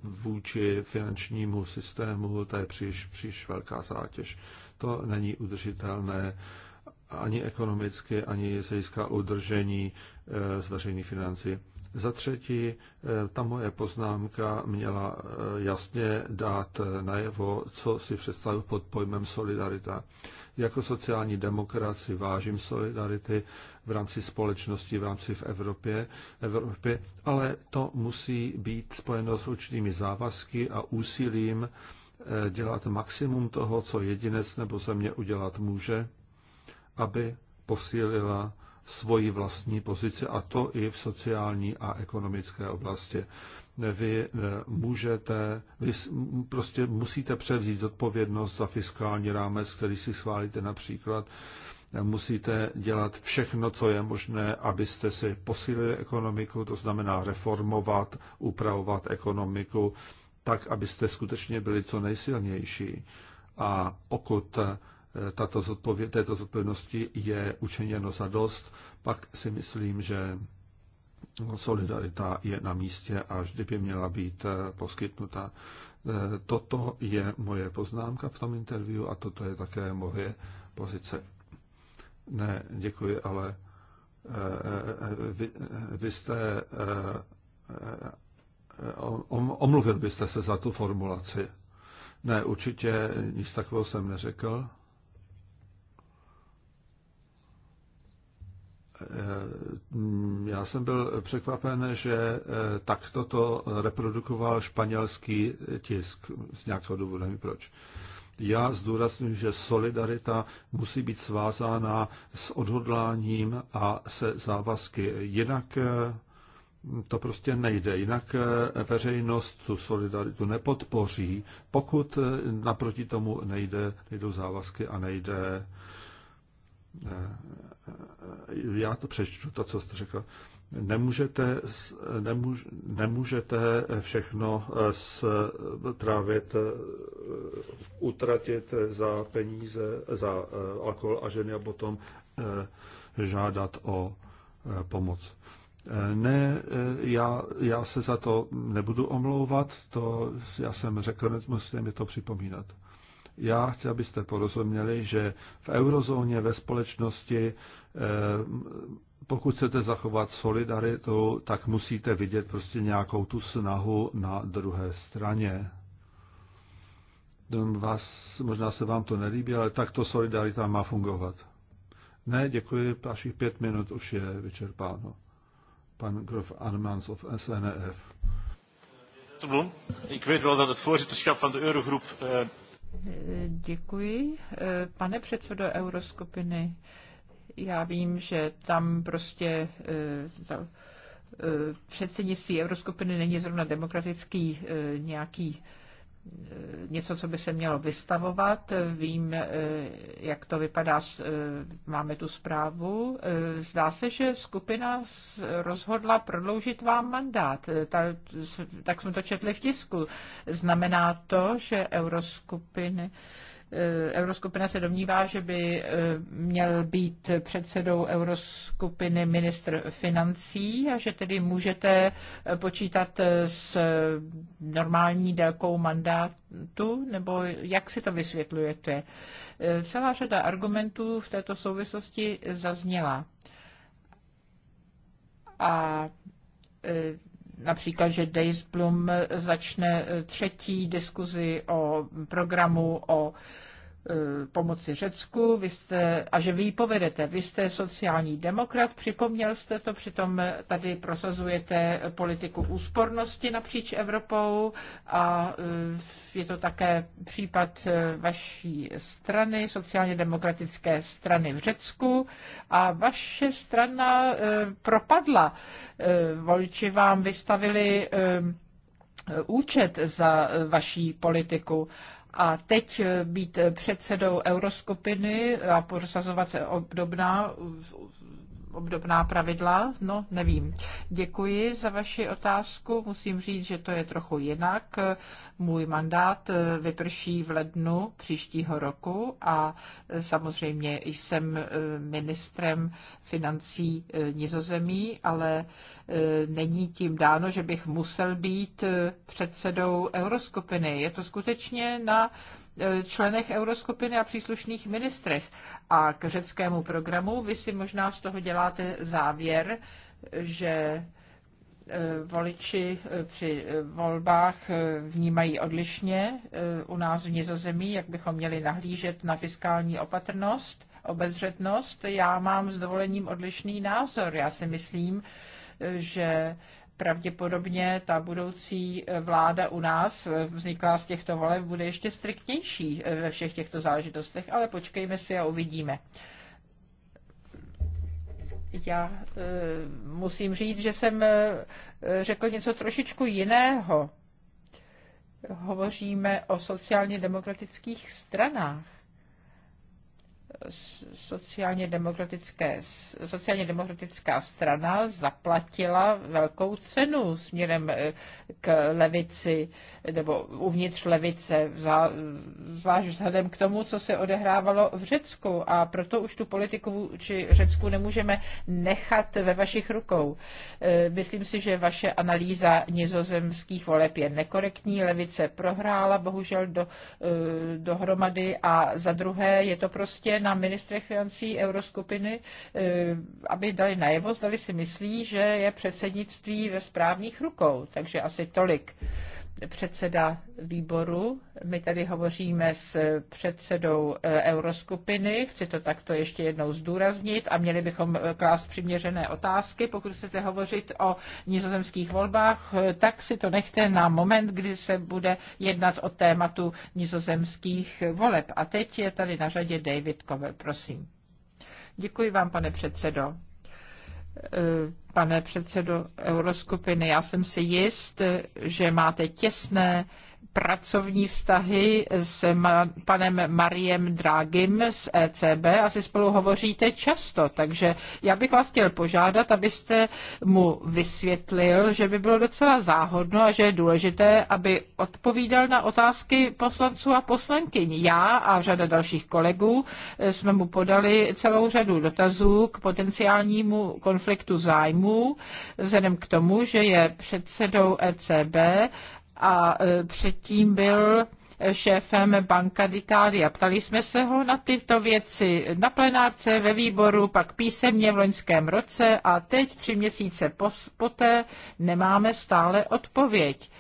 vůči finančnímu systému, to je příliš, příliš velká zátěž. To není udržitelné ani ekonomicky, ani z hlediska udržení z veřejných financí. Za třetí, ta moje poznámka měla jasně dát najevo, co si představuji pod pojmem solidarita. Jako sociální demokrat si vážím solidarity v rámci společnosti, v rámci v Evropě, Evropě, ale to musí být spojeno s určitými závazky a úsilím eh, dělat maximum toho, co jedinec nebo země udělat může, aby posílila svoji vlastní pozici, a to i v sociální a ekonomické oblasti vy eh, můžete, vy prostě musíte převzít odpovědnost za fiskální rámec, který si schválíte například. Eh, musíte dělat všechno, co je možné, abyste si posílili ekonomiku, to znamená reformovat, upravovat ekonomiku, tak, abyste skutečně byli co nejsilnější. A pokud eh, tato zodpověd, této zodpovědnosti je učiněno za dost, pak si myslím, že solidarita je na místě a vždy by měla být eh, poskytnuta. Eh, toto je moje poznámka v tom interview a toto je také moje pozice. Ne, děkuji, ale eh, vy, vy jste omluvil byste se za tu formulaci. Ne, určitě nic takového jsem neřekl. Eh, já jsem byl překvapen, že eh, takto to reprodukoval španělský tisk z nějakého důvodu, nevím proč. Já zdůraznuju, že solidarita musí být svázána s odhodláním a se závazky. Jinak eh, to prostě nejde. Jinak veřejnost tu solidaritu nepodpoří, pokud naproti tomu nejde, nejdou závazky a nejde já to přečtu, to, co jste řekl, nemůžete, nemůž, nemůžete všechno eh, strávit, eh, utratit za peníze, za eh, alkohol a ženy a potom žádat o pomoc. Ne, já, já se za to nebudu omlouvat, to já jsem řekl, musíte mi to připomínat. Já chci, abyste porozuměli, že v eurozóně ve společnosti Eh, pokud chcete zachovat solidaritu, tak musíte vidět prostě nějakou tu snahu na druhé straně. Vás, možná se vám to nelíbí, ale takto solidarita má fungovat. Ne, děkuji, vašich pět minut už je vyčerpáno. Pan Grof Armans of SNF. Ik weet wel dat het voorzitterschap van de Eurogroep. Eh, eh, děkuji. Pane předsedo Euroskupiny, já vím, že tam prostě ta e, e, předsednictví Euroskupiny není zrovna demokratický e, nějaký něco, co by se mělo vystavovat. Vím, jak to vypadá, máme tu zprávu. Zdá se, že skupina rozhodla prodloužit vám mandát. Tak jsme to četli v tisku. Znamená to, že euroskupiny Eh, Euroskupina se domnívá, že by eh, měl být předsedou Euroskupiny ministr financí a že tedy můžete eh, počítat s normální délkou mandátu, nebo jak si to vysvětlujete? Celá řada argumentů v této souvislosti zazněla. A například, že Days začne třetí diskuzi o programu, o Eh, pomoci Řecku vy jste, a že vy ji povedete. Vy jste sociální demokrat, připomněl jste to, přitom tady prosazujete politiku úspornosti napříč Evropou a eh, je to také případ eh, vaší strany, sociálně demokratické strany v Řecku a vaše strana propadla. Voliči vám vystavili účet za vaší politiku a teď eh, být eh, předsedou euroskupiny a prosazovat obdobná eh, obdobná pravidla? No, nevím. Děkuji za vaši otázku. Musím říct, že to je trochu jinak. Můj mandát eh, vyprší v lednu příštího roku a eh, samozřejmě jsem eh, ministrem financí Nizozemí, ale není tím dáno, že bych musel být předsedou euroskupiny. Je to skutečně na členech euroskupiny a příslušných ministrech. A k řeckému programu vy si možná z toho děláte závěr, že e, voliči e, při volbách e, vnímají odlišně u nás v Nizozemí, jak bychom měli nahlížet na fiskální opatrnost, obezřetnost. Já mám s dovolením odlišný názor. Já si myslím, že pravděpodobně ta budoucí eh, vláda u nás, eh, vzniklá z těchto voleb, bude ještě striktnější eh, ve všech těchto záležitostech, ale počkejme si a uvidíme. Já e, musím říct, že jsem e, řekl něco trošičku jiného. Hovoříme o sociálně demokratických stranách sociálně, demokratické, sociálně demokratická strana zaplatila velkou cenu směrem eh, k levici nebo uvnitř levice, zvlášť vzhledem k tomu, co se odehrávalo v Řecku. A proto už tu politiku či Řecku nemůžeme nechat ve vašich rukou. Eh, myslím si, že vaše analýza nizozemských voleb je nekorektní. Levice prohrála bohužel do, eh, dohromady a za druhé je to prostě na ministrech financí euroskupiny, eh, aby dali najevo, zdali si myslí, že je předsednictví ve správných rukou. Takže asi tolik předseda výboru. My tady hovoříme s předsedou eh, euroskupiny, chci to takto ještě jednou zdůraznit a měli bychom eh, klást přiměřené otázky. Pokud chcete hovořit o nizozemských volbách, eh, tak si to nechte na moment, kdy se bude jednat o tématu nizozemských voleb. A teď je tady na řadě David Kovel, prosím. Děkuji vám, pane předsedo. Eh, pane předsedo Euroskupiny. Já jsem si jist, že máte těsné pracovní vztahy s ma- panem Mariem Drágim z ECB. Asi spolu hovoříte často, takže já bych vás chtěl požádat, abyste mu vysvětlil, že by bylo docela záhodno a že je důležité, aby odpovídal na otázky poslanců a poslankyň. Já a řada dalších kolegů eh, jsme mu podali celou řadu dotazů k potenciálnímu konfliktu zájmů, vzhledem k tomu, že je předsedou ECB a e, předtím byl šéfem Banka d'Italia. Ptali jsme se ho na tyto věci na plenárce, ve výboru, pak písemně v loňském roce a teď tři měsíce poté nemáme stále odpověď.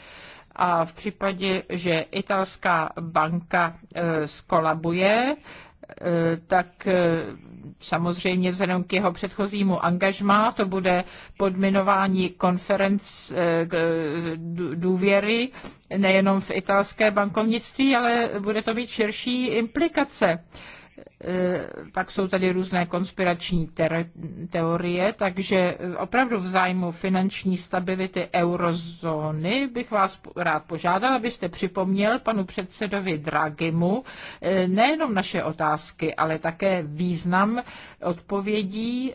A v případě, že italská banka skolabuje, e, Eh, tak eh, samozřejmě vzhledem k jeho předchozímu angažmá to bude podminování konferenc eh, důvěry nejenom v italské bankovnictví, ale bude to mít širší implikace. Eh, pak jsou tady různé konspirační teorie, takže eh, opravdu v zájmu finanční stability eurozóny bych vás rád požádal, abyste připomněl panu předsedovi Dragimu eh, nejenom naše otázky, ale také význam odpovědí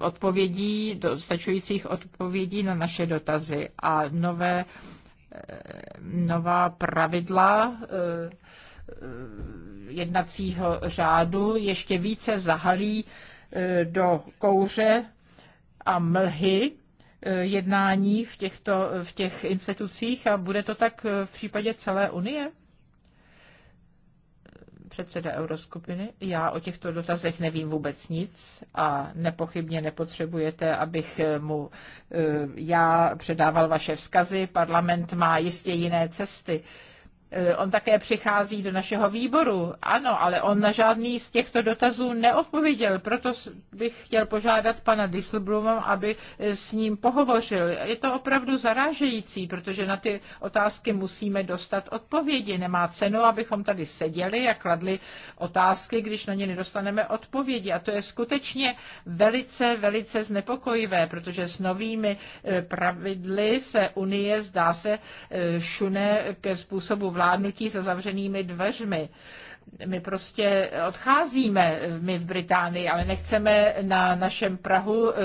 odpovědí, dostačujících odpovědí na naše dotazy a nové, nová pravidla Eh, jednacího řádu ještě více zahalí eh, do kouře a mlhy eh, jednání v, těchto, v těch institucích a bude to tak v případě celé Unie? Předseda Euroskupiny, já o těchto dotazech nevím vůbec nic a nepochybně nepotřebujete, abych mu já předával vaše vzkazy. Parlament má jistě jiné cesty E, on také přichází do našeho výboru. Ano, ale on na žádný z těchto dotazů neodpověděl, proto bych chtěl požádat pana Disselbluma, aby e, s ním pohovořil. Je to opravdu zarážející, protože na ty otázky musíme dostat odpovědi. Nemá cenu, abychom tady seděli a kladli otázky, když na ně nedostaneme odpovědi. A to je skutečně velice, velice znepokojivé, protože s novými e, pravidly se Unie zdá se šune ke způsobu vládnutí za zavřenými dveřmi. My prostě odcházíme, my v Británii, ale nechceme na našem Prahu eh,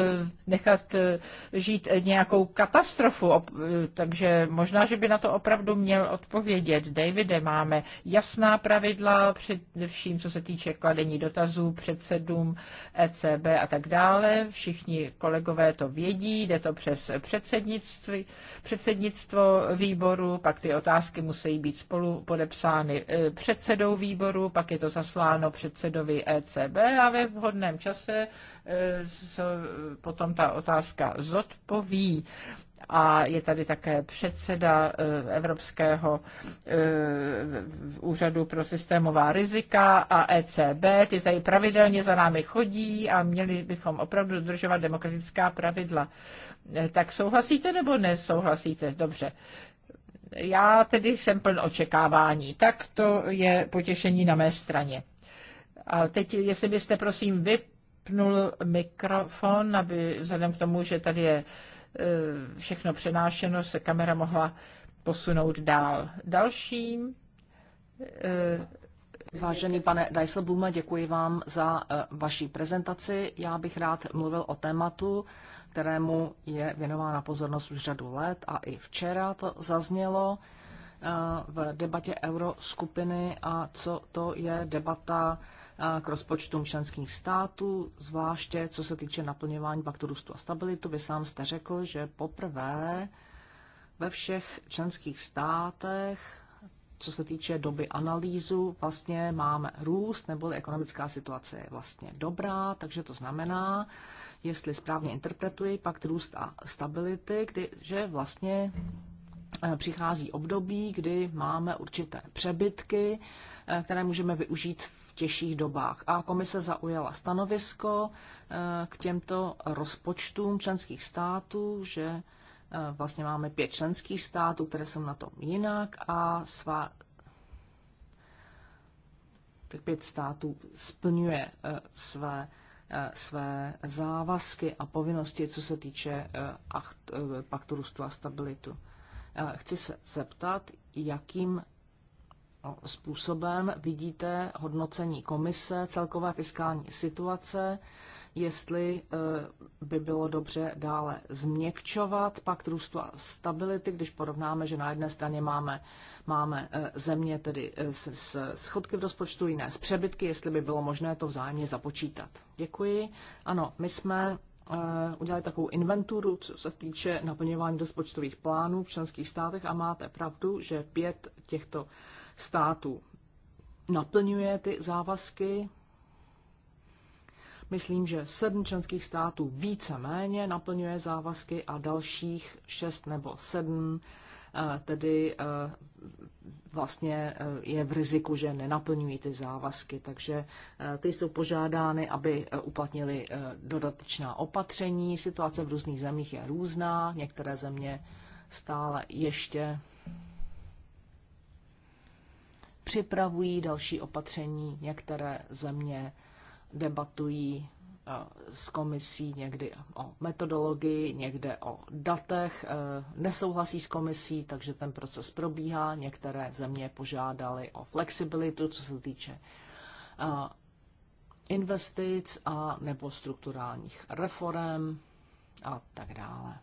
nechat eh, žít nějakou katastrofu. Eh, takže možná, že by na to opravdu měl odpovědět. Davide, máme jasná pravidla, především co se týče kladení dotazů předsedům ECB a tak dále. Všichni kolegové to vědí, jde to přes předsednictví, předsednictvo výboru, pak ty otázky musí být spolu podepsány předsedou výboru koordinátorů, pak je to zasláno předsedovi ECB a ve vhodném čase e, potom ta otázka zodpoví a je tady také předseda e, Evropského e, úřadu pro systémová rizika a ECB. Ty tady pravidelně za námi chodí a měli bychom opravdu dodržovat demokratická pravidla. Tak souhlasíte nebo nesouhlasíte? Dobře. Já tedy jsem pln očekávání, tak to je potěšení na mé straně. A teď, jestli byste prosím vypnul mikrofon, aby vzhledem k tomu, že tady je e, všechno přenášeno, se kamera mohla posunout dál. Dalším. E, Vážený pane Dijsselblume, děkuji vám za e, vaši prezentaci. Já bych rád mluvil o tématu, kterému je věnována pozornost už řadu let a i včera to zaznělo eh, v debatě euroskupiny a co to je debata eh, k rozpočtům členských států, zvláště co se týče naplňování paktu růstu a stabilitu. Vy sám jste řekl, že poprvé ve všech členských státech co se týče doby analýzu, vlastně máme růst, nebo ekonomická situace je vlastně dobrá, takže to znamená, jestli správně interpretuji, pakt růst a stability, kdy, že vlastně eh, přichází období, kdy máme určité přebytky, eh, které můžeme využít v těžších dobách. A komise zaujala stanovisko eh, k těmto rozpočtům členských států, že vlastně máme pět členských států, které jsou na tom jinak a svá těch pět států splňuje své Eh, své závazky a povinnosti, co se týče eh, eh, paktu růstu a stabilitu. Chci se zeptat, jakým no, způsobem vidíte hodnocení komise celkové fiskální situace jestli eh, by bylo dobře dále změkčovat pakt růstu a stability, když porovnáme, že na jedné straně máme, máme eh, země tedy eh, s, s schodky v rozpočtu, jiné s přebytky, jestli by bylo možné to vzájemně započítat. Děkuji. Ano, my jsme udělali takovou inventuru, co se týče naplňování rozpočtových plánů v členských státech a máte pravdu, že pět těchto států naplňuje ty závazky, Myslím, že sedm členských států více-méně naplňuje závazky a dalších šest nebo sedm eh, tedy eh, vlastně eh, je v riziku, že nenaplňují ty závazky, takže ty jsou požádány, aby uplatnili dodatečná opatření. Situace v různých zemích je různá, některé země stále ještě připravují další opatření, některé země debatují eh, s komisí někdy o metodologii, někde o datech, eh, nesouhlasí s komisí, takže ten proces probíhá. Některé země požádaly o flexibilitu, co se týče eh, investic a nebo strukturálních reform a tak dále.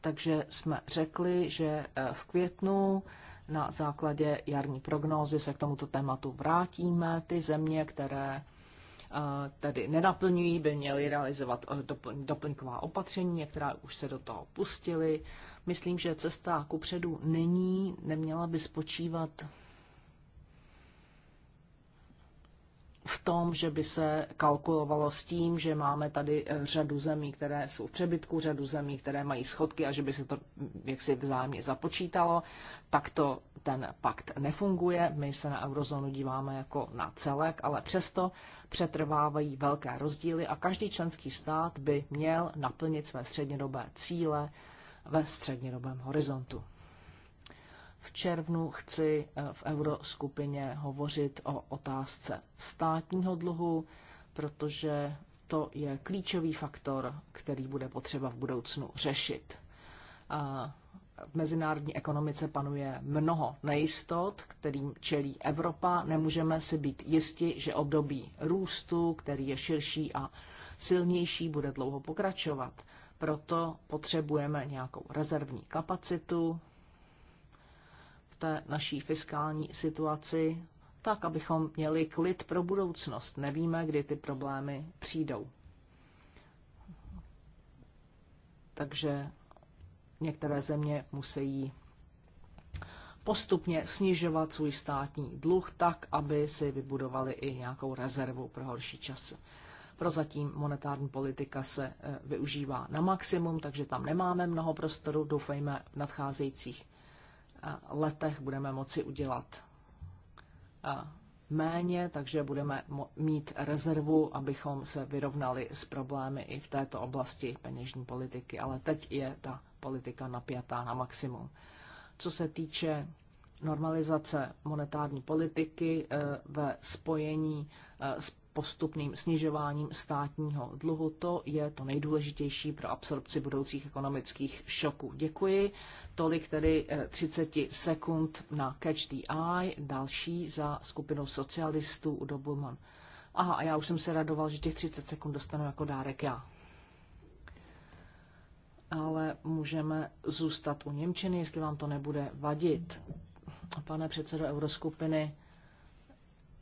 Takže jsme řekli, že v květnu na základě jarní prognózy se k tomuto tématu vrátíme. Ty země, které eh, tedy nenaplňují, by měly realizovat eh, doplňková opatření, některá už se do toho pustily. Myslím, že cesta ku předu není, neměla by spočívat v tom, že by se kalkulovalo s tím, že máme tady eh, řadu zemí, které jsou v přebytku, řadu zemí, které mají schodky a že by se to hm, jaksi vzájemně započítalo, tak to ten pakt nefunguje. My se na eurozónu díváme jako na celek, ale přesto přetrvávají velké rozdíly a každý členský stát by měl naplnit své střednědobé cíle ve střednědobém horizontu. V červnu chci eh, v euroskupině hovořit o otázce státního dluhu, protože to je klíčový faktor, který bude potřeba v budoucnu řešit. A v mezinárodní ekonomice panuje mnoho nejistot, kterým čelí Evropa. Nemůžeme si být jisti, že období růstu, který je širší a silnější, bude dlouho pokračovat. Proto potřebujeme nějakou rezervní kapacitu, té naší fiskální situaci, tak abychom měli klid pro budoucnost. Nevíme, kdy ty problémy přijdou. Takže některé země musí postupně snižovat svůj státní dluh tak, aby si vybudovali i nějakou rezervu pro horší časy. Prozatím monetární politika se e, využívá na maximum, takže tam nemáme mnoho prostoru. Doufejme v nadcházejících letech budeme moci udělat méně, takže budeme mít rezervu, abychom se vyrovnali s problémy i v této oblasti peněžní politiky. Ale teď je ta politika napjatá na maximum. Co se týče normalizace monetární politiky e, ve spojení e, s postupným snižováním státního dluhu. To je to nejdůležitější pro absorpci budoucích ekonomických šoků. Děkuji. Tolik tedy 30 eh, sekund na Catch the Eye, další za skupinou socialistů u Dobulman. Aha, a já už jsem se radoval, že těch 30 sekund dostanu jako dárek já. Ale můžeme zůstat u Němčiny, jestli vám to nebude vadit. Pane předsedo Euroskupiny,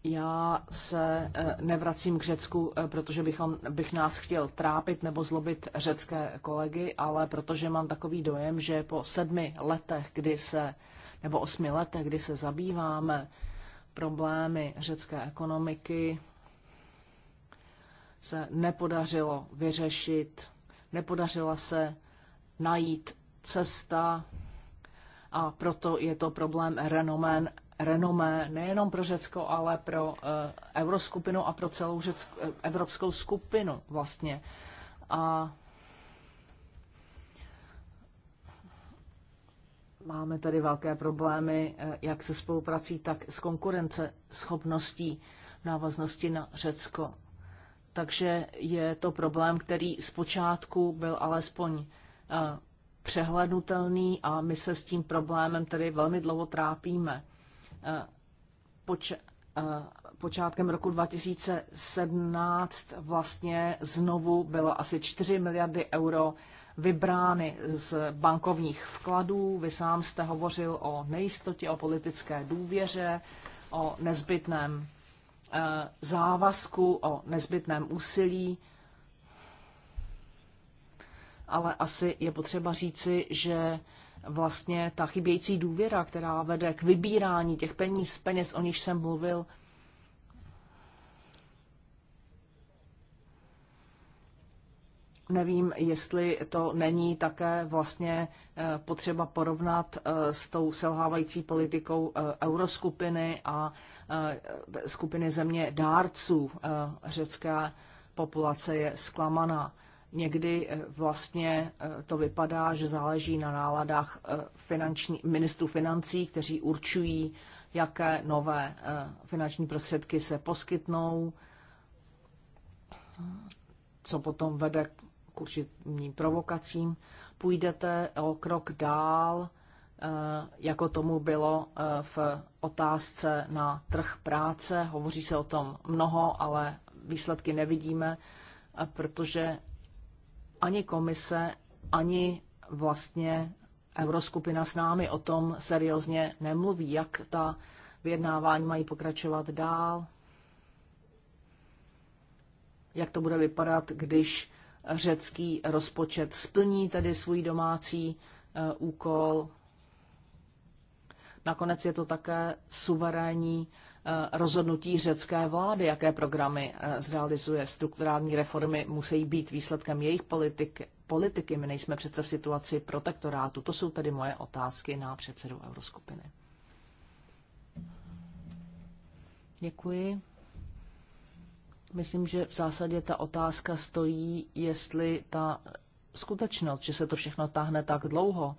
já se eh, nevracím k Řecku, eh, protože bychom, bych nás chtěl trápit nebo zlobit řecké kolegy, ale protože mám takový dojem, že po sedmi letech, kdy se, nebo osmi letech, kdy se zabýváme problémy řecké ekonomiky, se nepodařilo vyřešit, nepodařila se najít cesta a proto je to problém renomén renomé nejenom pro Řecko, ale pro eh, euroskupinu a pro celou řecko, eh, evropskou skupinu vlastně. A máme tady velké problémy, eh, jak se spoluprací, tak s konkurence schopností návaznosti na Řecko. Takže je to problém, který zpočátku byl alespoň přehlednutelný a my se s tím problémem tedy velmi dlouho trápíme. Eh, poč, eh, počátkem roku 2017 vlastně znovu bylo asi 4 miliardy euro vybrány z bankovních vkladů. Vy sám jste hovořil o nejistotě, o politické důvěře, o nezbytném eh, závazku, o nezbytném úsilí. Ale asi je potřeba říci, že vlastně ta chybějící důvěra, která vede k vybírání těch peněz, peněz, o níž jsem mluvil, Nevím, jestli to není také vlastně eh, potřeba porovnat eh, s tou selhávající politikou eh, euroskupiny a skupiny země dárců řecké populace je zklamaná. Někdy eh, vlastně eh, to vypadá, že záleží na náladách eh, finanční, ministrů financí, kteří určují, jaké nové finanční prostředky se poskytnou, co potom vede k určitým provokacím. Půjdete o krok dál, jako tomu bylo v otázce na trh práce. Hovoří se o tom mnoho, ale výsledky nevidíme, protože ani komise, ani vlastně Euroskupina s námi o tom seriózně nemluví, jak ta vyjednávání mají pokračovat dál, jak to bude vypadat, když řecký rozpočet splní tedy svůj domácí e, úkol. Nakonec je to také suverénní Eh, rozhodnutí řecké vlády, jaké programy eh, zrealizuje. Strukturální reformy musí být výsledkem jejich politiky. politiky. My nejsme přece v situaci protektorátu. To jsou tedy moje otázky na předsedu Euroskupiny. Děkuji. Myslím, že v zásadě ta otázka stojí, jestli ta skutečnost, že se to všechno táhne tak dlouho,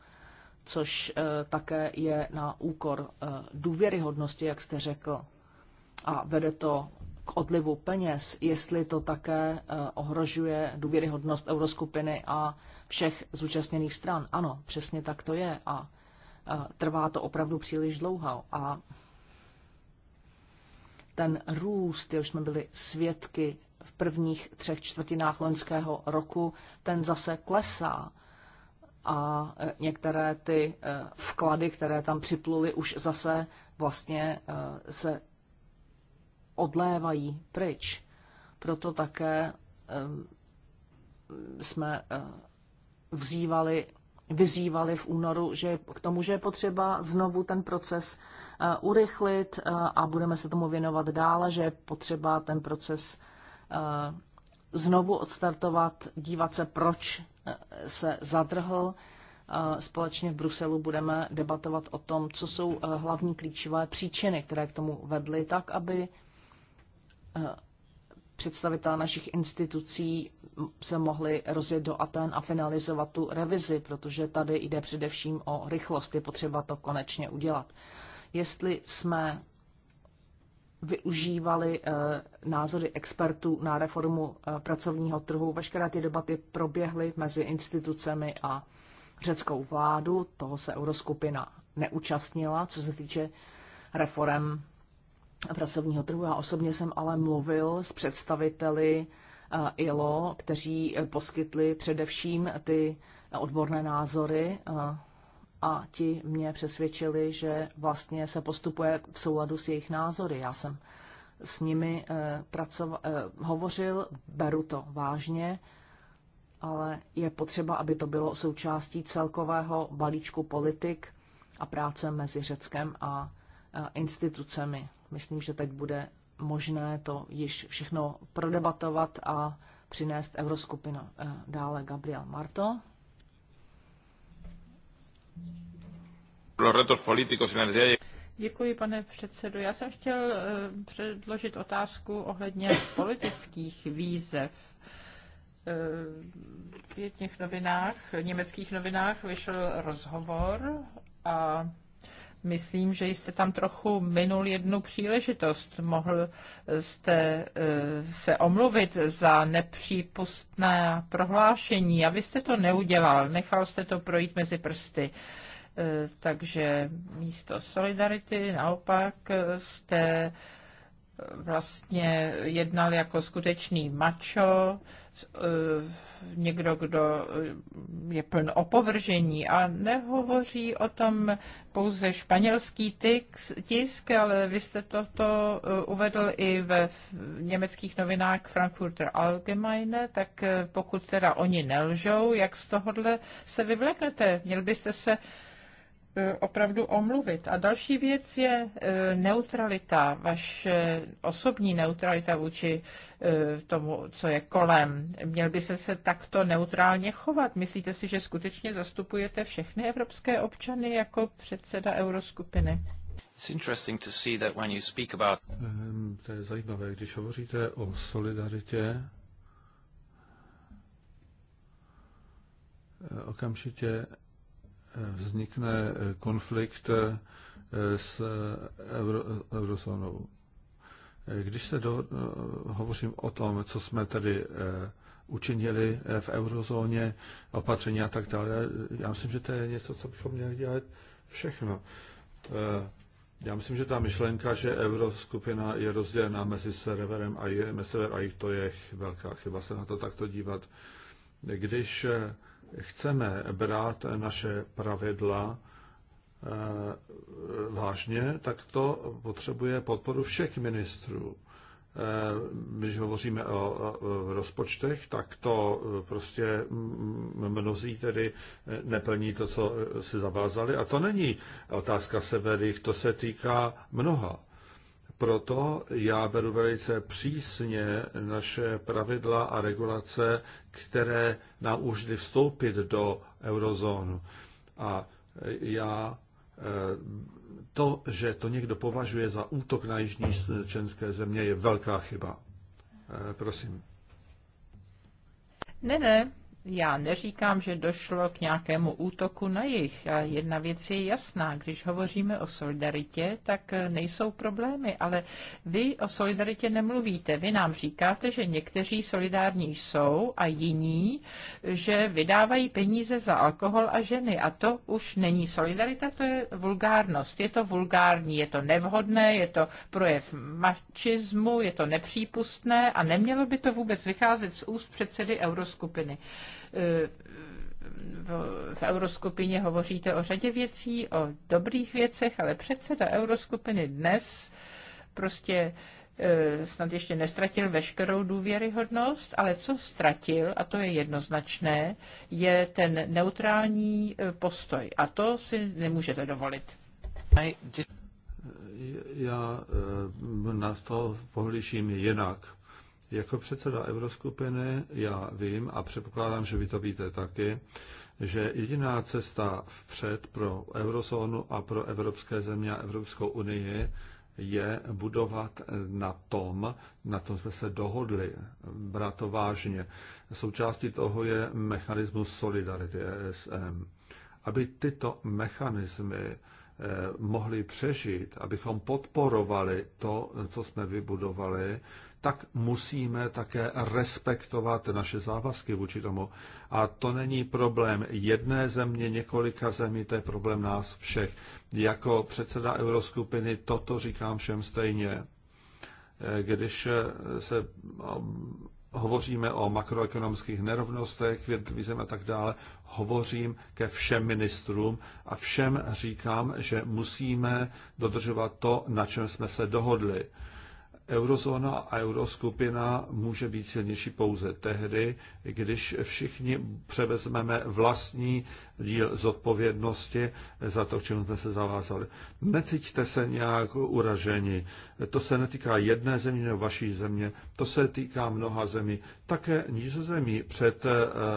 což eh, také je na úkor důvěryhodnosti, jak jste řekl, a vede to k odlivu peněz, jestli to také eh, ohrožuje důvěryhodnost euroskupiny a všech zúčastněných stran. Ano, přesně tak to je a eh, trvá to opravdu příliš dlouho. A ten růst, jehož jsme byli svědky v prvních třech čtvrtinách loňského roku, ten zase klesá. A eh, některé ty vklady, které tam připluly, už zase vlastně se odlévají pryč. Proto také jsme eh, vzývali, vyzývali v únoru, že k tomu, že je potřeba znovu ten proces eh, urychlit eh, a budeme se tomu věnovat dále, že je potřeba ten proces znovu odstartovat, dívat se, proč se zadrhl. Společně v Bruselu budeme debatovat o tom, co jsou hlavní klíčové příčiny, které k tomu vedly, tak, aby Eh, představitelé našich institucí se mohli rozjet do Aten a finalizovat tu revizi, protože tady jde především o rychlost, je potřeba to konečně udělat. Jestli jsme využívali eh, názory expertů na reformu eh, pracovního trhu, veškeré ty debaty proběhly mezi institucemi a řeckou vládu, toho se euroskupina neúčastnila, co se týče reform pracovního trhu. Já osobně jsem ale mluvil s představiteli eh, ILO, kteří eh, poskytli především ty odborné názory eh, a ti mě přesvědčili, že vlastně se postupuje v souladu s jejich názory. Já jsem s nimi pracoval, hovořil, beru to vážně, ale je potřeba, aby to bylo součástí celkového balíčku politik a práce mezi Řeckem a institucemi. Myslím, že teď bude možné to již všechno prodebatovat a přinést Euroskupina. Eh, dále Gabriel Marto. Děkuji, pane předsedu. Já jsem chtěl eh, předložit otázku ohledně *coughs* politických výzev. Eh, v jedných novinách, v německých novinách, vyšel rozhovor a Myslím, že jste tam trochu minul jednu příležitost. Mohl jste eh, se omluvit za nepřípustné prohlášení a vy jste to neudělal. Nechal jste to projít mezi prsty. Eh, takže místo solidarity naopak jste vlastně jednal jako skutečný mačo, e, někdo, kdo je pln opovržení a nehovoří o tom pouze španělský tisk, ale vy jste toto e, uvedl i ve německých novinách Frankfurter Allgemeine, tak e, pokud teda oni nelžou, jak z tohohle se vyvleknete? Měl byste se Eh, opravdu omluvit. A další věc je eh, neutralita, vaše osobní neutralita vůči eh, tomu, co je kolem. Měl by se se takto neutrálně chovat? Myslíte si, že skutečně zastupujete všechny evropské občany jako předseda euroskupiny? To je zajímavé, když hovoříte o solidaritě, okamžitě vznikne eh, konflikt eh, s eh, eurozónou. Když se do, hovořím o tom, co jsme tedy učinili v eurozóně, opatření a tak dále, já myslím, že to je něco, co bychom měli dělat všechno. Já myslím, že ta myšlenka, že euroskupina je rozdělená mezi severem a, je, sever a jich, to je velká chyba se na to takto dívat. Když chceme brát naše pravidla eh, vážně, tak to potřebuje podporu všech ministrů. Eh, když hovoříme o rozpočtech, tak to eh, prostě mm, mm, mnozí tedy neplní to, co si zavázali. A to není otázka severých, to se týká mnoha. Proto já beru velice přísně naše pravidla a regulace, které nám umožnily vstoupit do eurozónu. A já eh, to, že to někdo považuje za útok na jižní členské země, je velká chyba. Eh, prosím. Ne, ne, já neříkám, že došlo k nějakému útoku na jich. A jedna věc je jasná. Když hovoříme o solidaritě, tak nejsou problémy. Ale vy o solidaritě nemluvíte. Vy nám říkáte, že někteří solidární jsou a jiní, že vydávají peníze za alkohol a ženy. A to už není solidarita, to je vulgárnost. Je to vulgární, je to nevhodné, je to projev mačismu, je to nepřípustné a nemělo by to vůbec vycházet z úst předsedy euroskupiny v euroskupině hovoříte o řadě věcí, o dobrých věcech, ale předseda euroskupiny dnes prostě e, snad ještě nestratil veškerou důvěryhodnost, ale co ztratil, a to je jednoznačné, je ten neutrální e, postoj. A to si nemůžete dovolit. Já e, na to pohlížím jinak. Jako předseda Euroskupiny já vím a předpokládám, že vy to víte taky, že jediná cesta vpřed pro eurozónu a pro evropské země a Evropskou unii je budovat na tom, na tom jsme se dohodli, brát to vážně. Součástí toho je mechanismus solidarity ESM. Aby tyto mechanismy eh, mohli přežít, abychom podporovali to, co jsme vybudovali, tak musíme také respektovat naše závazky vůči tomu. A to není problém jedné země, několika zemí, to je problém nás všech. Jako předseda Euroskupiny toto říkám všem stejně. Když se um, hovoříme o makroekonomických nerovnostech, vědvizem a tak dále, hovořím ke všem ministrům a všem říkám, že musíme dodržovat to, na čem jsme se dohodli eurozóna a euroskupina může být silnější pouze tehdy, když všichni převezmeme vlastní díl zodpovědnosti za to, k čemu jsme se zavázali. Necítíte se nějak uraženi. To se netýká jedné země nebo vaší země, to se týká mnoha zemí. Také Nizozemí před eh,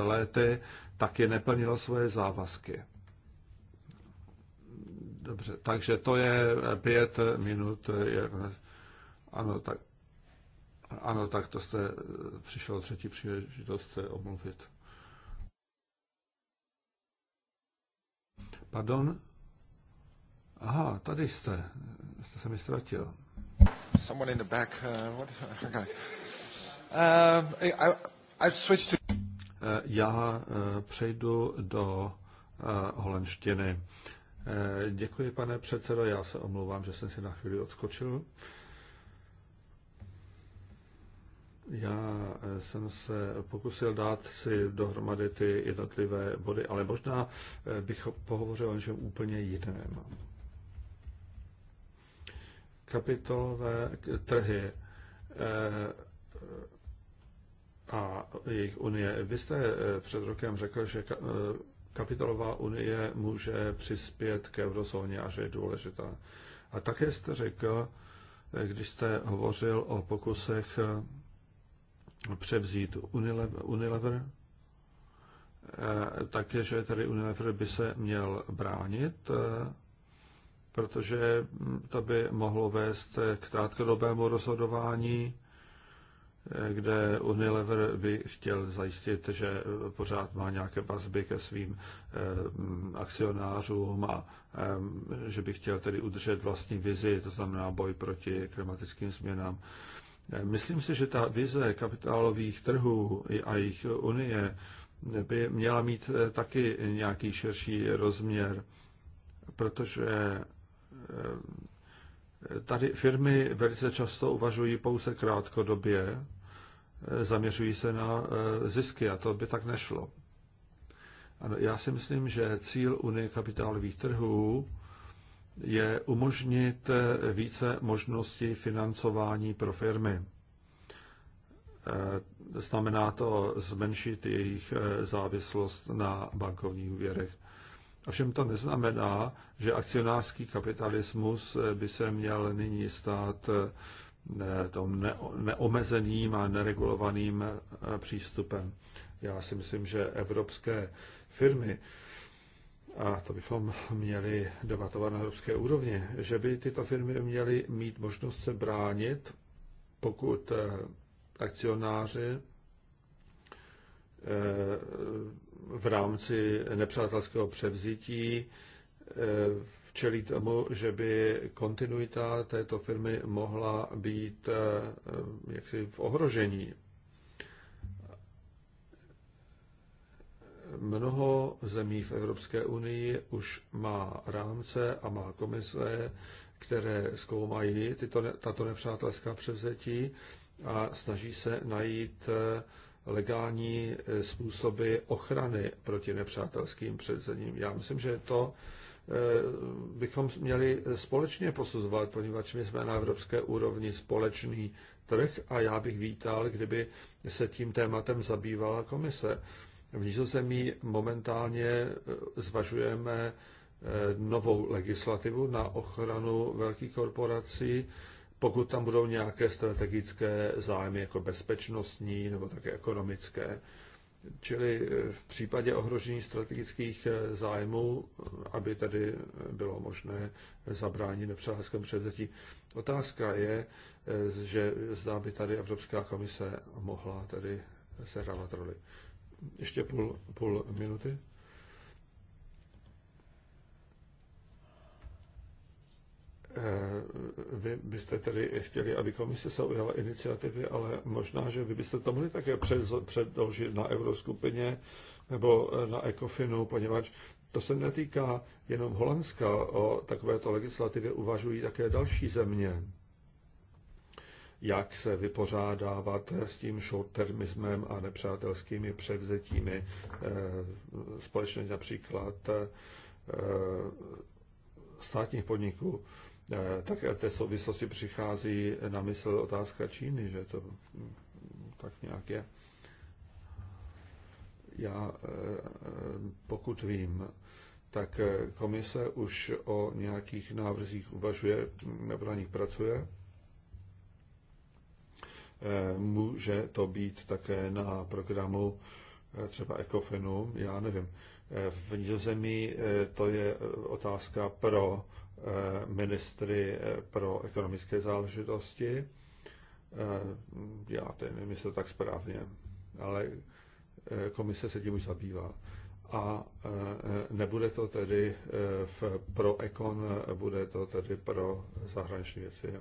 léty taky neplnilo svoje závazky. Dobře, takže to je pět minut. Eh, je... Ano, tak, ano, tak to jste eh, přišel třetí příležitost se omluvit. Pardon? Aha, tady jste. Jste se mi ztratil. Someone in the back. Uh, what, okay. Um, eh, I, switched to... Já přejdu do holandštiny. Děkuji, pane předsedo. Já se omlouvám, že jsem si na chvíli odskočil. Já eh, jsem se pokusil dát si dohromady ty jednotlivé body, ale možná eh, bych pohovořil o něčem úplně jiném. Kapitolové trhy eh, a jejich unie. Vy jste před rokem řekl, že kapitolová unie může přispět k eurozóně a že je důležitá. A také jste řekl, když jste hovořil o pokusech převzít Unilever, eh, také, že tady Unilever by se měl bránit, eh, protože hm, to by mohlo vést eh, k krátkodobému rozhodování, kde Unilever by chtěl zajistit, že pořád má nějaké vazby ke svým hm, akcionářům a hm, že by chtěl tedy udržet vlastní vizi, to znamená boj proti klimatickým změnám. Myslím si, že ta vize kapitálových trhů a jejich unie by měla mít eh, taky nějaký širší rozměr, protože eh, tady firmy velice často uvažují pouze krátkodobě, eh, zaměřují se na zisky a to by tak nešlo. já si myslím, že cíl Unie kapitálových trhů je umožnit více možností financování pro firmy. Eh, znamená to zmenšit jejich eh, závislost na bankovních úvěrech. Ovšem to neznamená, že akcionářský kapitalismus eh, by se měl nyní stát tom neomezeným a neregulovaným přístupem. Já si myslím, že evropské firmy a to bychom měli debatovat na evropské úrovni, že by tyto firmy měly mít možnost se bránit, pokud eh, akcionáři eh, v rámci nepřátelského převzítí eh, čelí tomu, že by kontinuita této firmy mohla být jaksi v ohrožení. Mnoho zemí v Evropské unii už má rámce a má komise, které zkoumají tyto, tato nepřátelská převzetí a snaží se najít eh, legální eh, způsoby ochrany proti nepřátelským předzením. Já myslím, že to eh, bychom měli společně posuzovat, poněvadž my jsme na evropské úrovni společný trh a já bych vítal, kdyby se tím tématem zabývala komise. V Nizozemí momentálně e, zvažujeme e, novou legislativu na ochranu velkých korporací, pokud tam budou nějaké strategické zájmy, jako bezpečnostní nebo také ekonomické. Čili e, v případě ohrožení strategických zájmů, aby tady bylo možné zabránit nepřátelskému převzetí. Otázka je, že zdá by tady Evropská komise mohla tady sehrávat roli ještě půl, půl minuty. Eh, vy byste tedy chtěli, aby komise se ujala iniciativy, ale možná, že vy byste to mohli také předložit na Euroskupině nebo eh, na Ecofinu, poněvadž to se netýká jenom Holandska, o takovéto legislativě uvažují také další země jak se vypořádávat s tím short-termismem a nepřátelskými převzetími, eh, společně například eh, státních podniků. Eh, tak v té souvislosti přichází na mysl otázka Číny, že to hm, tak nějak je. Já, pokud vím, tak komise už o nějakých návrzích uvažuje, hm, nebo na nich pracuje. Eh, může to být také na programu eh, třeba Ecofinu, já nevím. Eh, v Nizozemí to je otázka pro ministry pro ekonomické záležitosti. Já to nevím to tak správně, ale komise se tím už zabývá. A nebude to tedy v, pro ekon, bude to tedy pro zahraniční věci.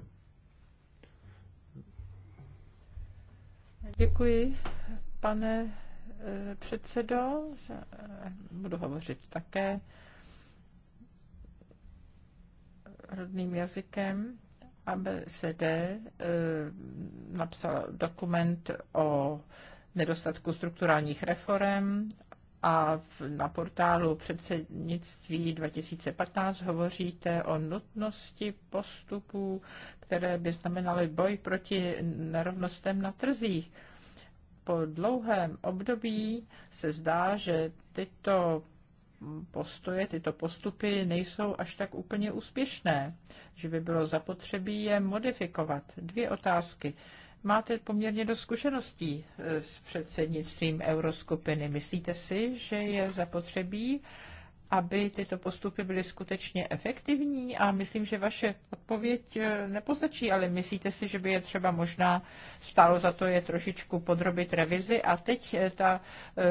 Děkuji, pane eh, předsedo. Eh, budu hovořit také rodným jazykem. ABCD eh, napsal dokument o nedostatku strukturálních reform, a na portálu předsednictví 2015 hovoříte o nutnosti postupů, které by znamenaly boj proti nerovnostem na trzích. Po dlouhém období se zdá, že tyto postoje, tyto postupy nejsou až tak úplně úspěšné, že by bylo zapotřebí je modifikovat. Dvě otázky máte poměrně dost zkušeností eh, s předsednictvím euroskupiny. Myslíte si, že je zapotřebí aby tyto postupy byly skutečně efektivní a myslím, že vaše odpověď eh, nepostačí, ale myslíte si, že by je třeba možná stálo za to je trošičku podrobit revizi a teď eh, ta, eh,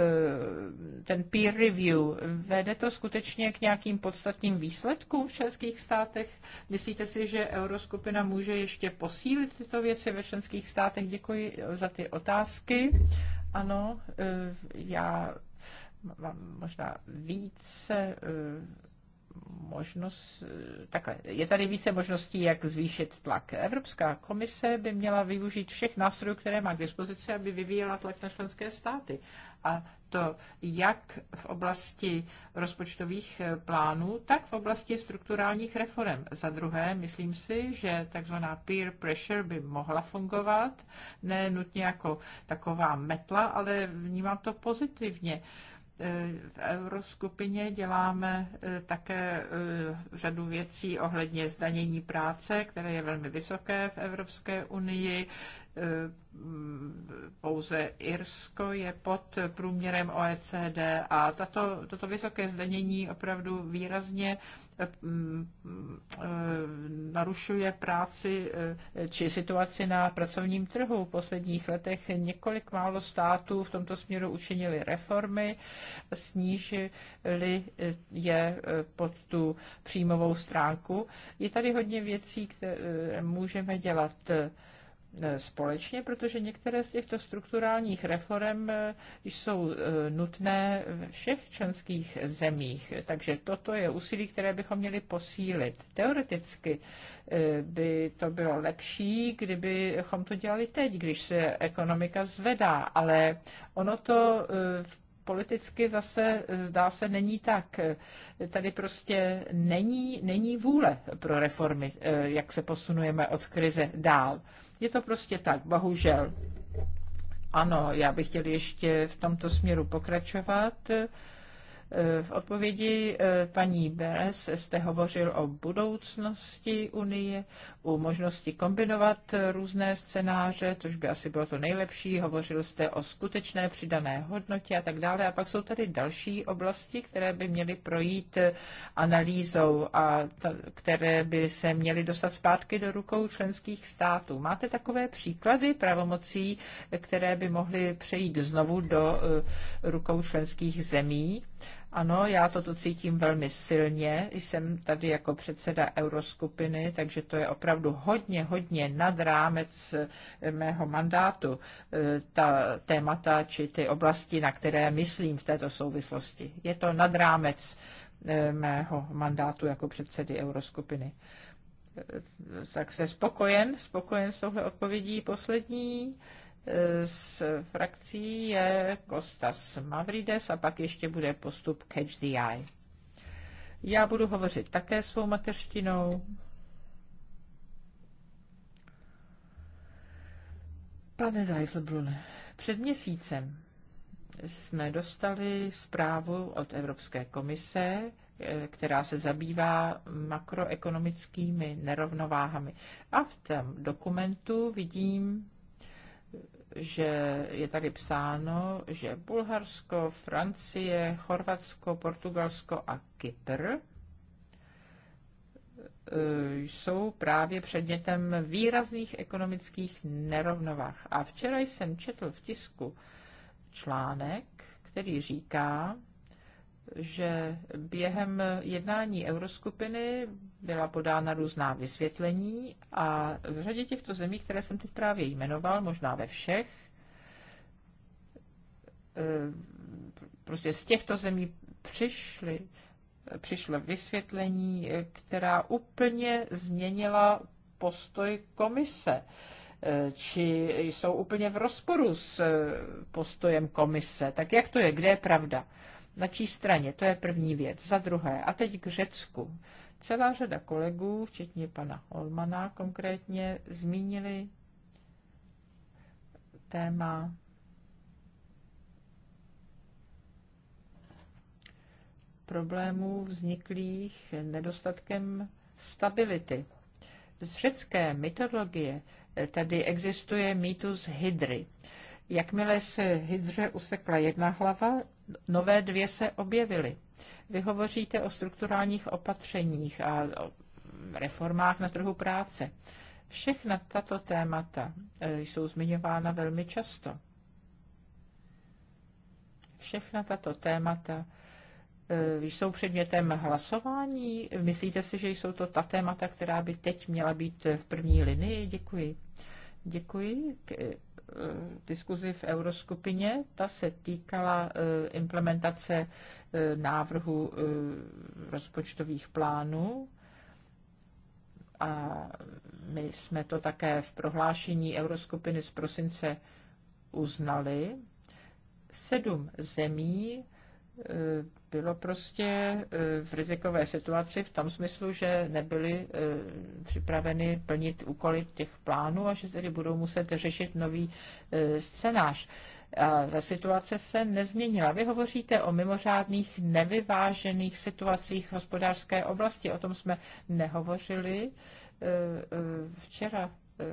ten peer review, vede to skutečně k nějakým podstatným výsledkům v členských státech? Myslíte si, že Euroskupina může ještě posílit tyto věci ve členských státech? Děkuji za ty otázky. Ano, já mám možná více eh, možnost, eh, takhle, je tady více možností, jak zvýšit tlak. Evropská komise by měla využít všech nástrojů, které má k dispozici, aby vyvíjela tlak na členské státy. A to jak v oblasti rozpočtových eh, plánů, tak v oblasti strukturálních reform. Za druhé, myslím si, že takzvaná peer pressure by mohla fungovat, ne nutně jako taková metla, ale vnímám to pozitivně. Uh, E, v euroskupině děláme e, také e, řadu věcí ohledně zdanění práce, které je velmi vysoké v Evropské unii. Eh, pouze Irsko je pod průměrem OECD a tato, toto vysoké zdanění opravdu výrazně eh, mm, eh, narušuje práci či situaci na pracovním trhu. V posledních letech několik málo států v tomto směru učinili reformy, snížili je pod tu příjmovou stránku. Je tady hodně věcí, které můžeme dělat E, společně, protože některé z těchto strukturálních reform e, jsou e, nutné ve všech členských zemích. Takže toto je úsilí, které bychom měli posílit. Teoreticky by to bylo lepší, kdybychom to dělali teď, když se ekonomika zvedá, ale ono to v politicky zase zdá se není tak. Tady prostě není, není vůle pro reformy, eh, jak se posunujeme od krize dál. Je to prostě tak, bohužel. Ano, já bych chtěl ještě v tomto směru pokračovat. V odpovědi eh, paní Beres jste hovořil o budoucnosti Unie, o možnosti kombinovat různé scénáře, což by asi bylo to nejlepší. Hovořil jste o skutečné přidané hodnotě a tak dále. A pak jsou tady další oblasti, které by měly projít eh, analýzou a které by se měly dostat zpátky do rukou členských států. Máte takové příklady pravomocí, eh, které by mohly přejít znovu do rukou členských zemí? Ano, já to tu cítím velmi silně. Jsem tady jako předseda euroskupiny, takže to je opravdu hodně, hodně nad rámec eh, mého mandátu, eh, ta témata či ty oblasti, na které myslím v této souvislosti. Je to nad rámec eh, mého mandátu jako předsedy euroskupiny. Tak se spokojen, spokojen s touhle odpovědí poslední z frakcí je Kostas Mavrides a pak ještě bude postup Catch the Eye. Já budu hovořit také svou mateřštinou. Pane Dijsselbrun, před měsícem jsme dostali zprávu od Evropské komise, eh, která se zabývá makroekonomickými nerovnováhami. A v tom dokumentu vidím že je tady psáno, že Bulharsko, Francie, Chorvatsko, Portugalsko a Kypr e, jsou právě předmětem výrazných ekonomických nerovnovách. A včera jsem četl v tisku článek, který říká, že během jednání euroskupiny byla podána různá vysvětlení a v řadě těchto zemí, které jsem teď právě jmenoval, možná ve všech, eh, prostě z těchto zemí přišly, přišlo vysvětlení, která úplně změnila postoj komise eh, či jsou úplně v rozporu s eh, postojem komise. Tak jak to je? Kde je pravda? na čí straně. To je první věc. Za druhé, a teď k Řecku. Celá řada kolegů, včetně pana Holmana konkrétně, zmínili téma problémů vzniklých nedostatkem stability. Z řecké mytologie tady existuje mýtus Hydry. Jakmile se hydře usekla jedna hlava, nové dvě se objevily. Vy hovoříte o strukturálních opatřeních a o reformách na trhu práce. Všechna tato témata e, jsou zmiňována velmi často. Všechna tato témata e, jsou předmětem hlasování. Myslíte si, že jsou to ta témata, která by teď měla být v první linii? Děkuji. Děkuji. Eh, diskuzi v euroskupině. Ta se týkala eh, implementace eh, návrhu rozpočtových plánů a my jsme to také v prohlášení euroskupiny z prosince uznali. Sedm zemí Eh, bylo prostě eh, v rizikové situaci v tom smyslu, že nebyly eh, připraveny plnit úkoly těch plánů a že tedy budou muset řešit nový scénář. A ta situace se nezměnila. Vy hovoříte o mimořádných nevyvážených situacích v hospodářské oblasti. O tom jsme nehovořili včera Eh,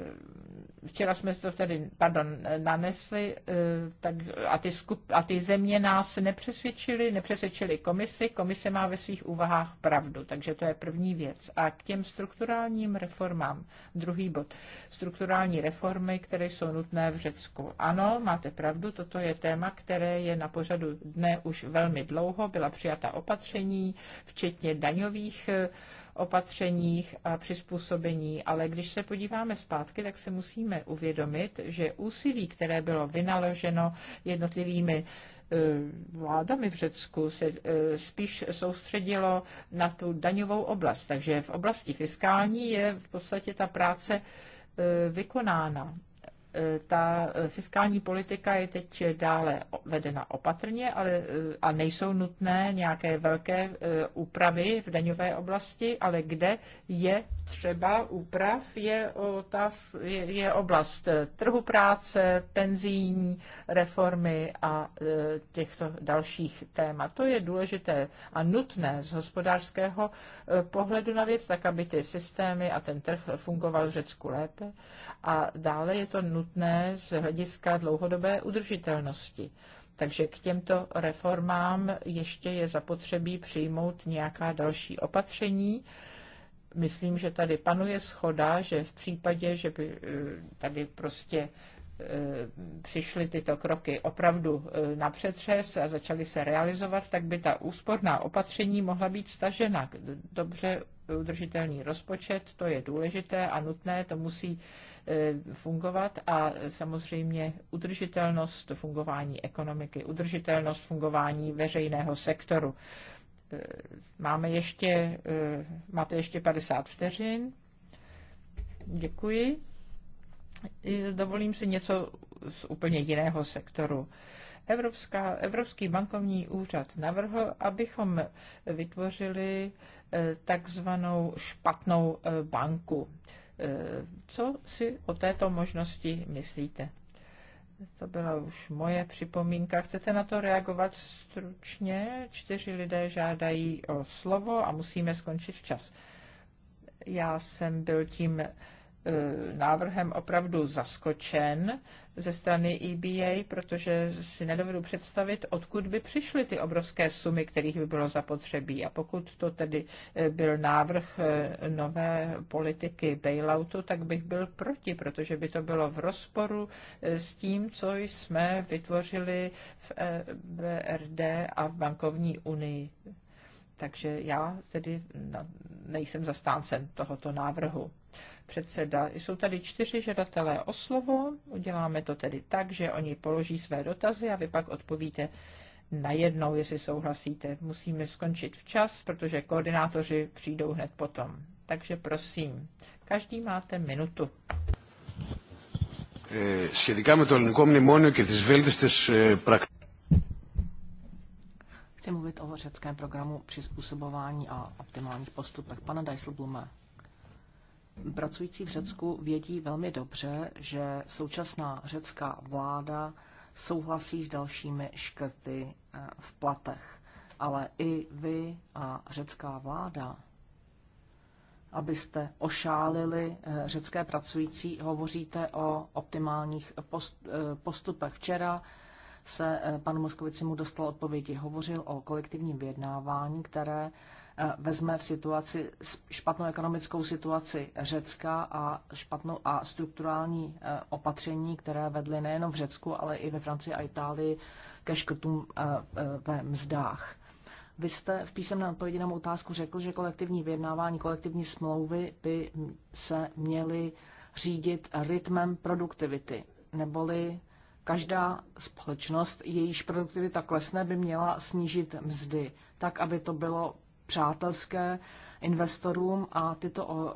včera jsme to tady, pardon, nanesli, eh, tak a ty, skup, a ty země nás nepřesvědčily, nepřesvědčily komisi, komise má ve svých úvahách pravdu, takže to je první věc. A k těm strukturálním reformám, druhý bod, strukturální reformy, které jsou nutné v Řecku. Ano, máte pravdu, toto je téma, které je na pořadu dne už velmi dlouho, byla přijata opatření, včetně daňových eh, opatřeních a přizpůsobení, ale když se podíváme zpátky, tak se musíme uvědomit, že úsilí, které bylo vynaloženo jednotlivými eh, vládami v Řecku se eh, spíš soustředilo na tu daňovou oblast. Takže v oblasti fiskální je v podstatě ta práce eh, vykonána ta fiskální politika je teď dále vedena opatrně ale, eh, a nejsou nutné nějaké velké eh, úpravy v daňové oblasti, ale kde je třeba úprav, je, otáz, je, je oblast eh, trhu práce, penzijní reformy a těchto dalších témat. To je důležité a nutné z hospodářského pohledu na věc, tak aby ty systémy a ten trh fungoval v Řecku lépe. A dále je to nutné nutné z hlediska dlouhodobé udržitelnosti. Takže k těmto reformám ještě je zapotřebí přijmout nějaká další opatření. Myslím, že tady panuje schoda, že v případě, že by eh, tady prostě eh, přišly tyto kroky opravdu eh, na přetřes a začaly se realizovat, tak by ta úsporná opatření mohla být stažena. Dobře udržitelný rozpočet, to je důležité a nutné, to musí E, fungovat a samozřejmě udržitelnost fungování ekonomiky, udržitelnost fungování veřejného sektoru. E, máme ještě, e, máte ještě 50 vteřin. Děkuji. Dovolím si něco z úplně jiného sektoru. Evropská, Evropský bankovní úřad navrhl, abychom vytvořili takzvanou špatnou banku. Eh, co si o této možnosti myslíte? To byla už moje připomínka. Chcete na to reagovat stručně? Čtyři lidé žádají o slovo a musíme skončit včas. Já jsem byl tím E, návrhem opravdu zaskočen ze strany EBA, protože si nedovedu představit, odkud by přišly ty obrovské sumy, kterých by bylo zapotřebí. A pokud to tedy e, byl návrh e, nové politiky bailoutu, tak bych byl proti, protože by to bylo v rozporu s tím, co jsme vytvořili v BRD a v bankovní unii. Takže já tedy nejsem zastáncem tohoto návrhu. Předseda, jsou tady čtyři žadatelé o slovo, uděláme to tedy tak, že oni položí své dotazy a vy pak odpovíte najednou, jestli souhlasíte. Musíme skončit včas, protože koordinátoři přijdou hned potom. Takže prosím, každý máte minutu. Σχετικά με το ελληνικό μνημόνιο και τις βέλτιστες πρακτικές. Chci mluvit o řeckém programu přizpůsobování a optimálních postupech. Pane Dijsselblume, pracující v Řecku vědí velmi dobře, že současná řecká vláda souhlasí s dalšími škrty eh, v platech. Ale i vy a řecká vláda, abyste ošálili eh, řecké pracující, hovoříte o optimálních eh, postupech. Včera se panu Moskovici mu dostal odpovědi. Hovořil o kolektivním vyjednávání, které Eh, vezme v situaci, špatnou ekonomickou situaci Řecka a, špatnou, a strukturální eh, opatření, které vedly nejenom v Řecku, ale i ve Francii a Itálii ke škrtům eh, ve mzdách. Vy jste v písemné odpovědi na mou otázku řekl, že kolektivní vyjednávání, kolektivní smlouvy by se měly řídit rytmem produktivity, neboli každá společnost, jejíž produktivita klesne, by měla snížit mzdy, tak aby to bylo přátelské investorům a tyto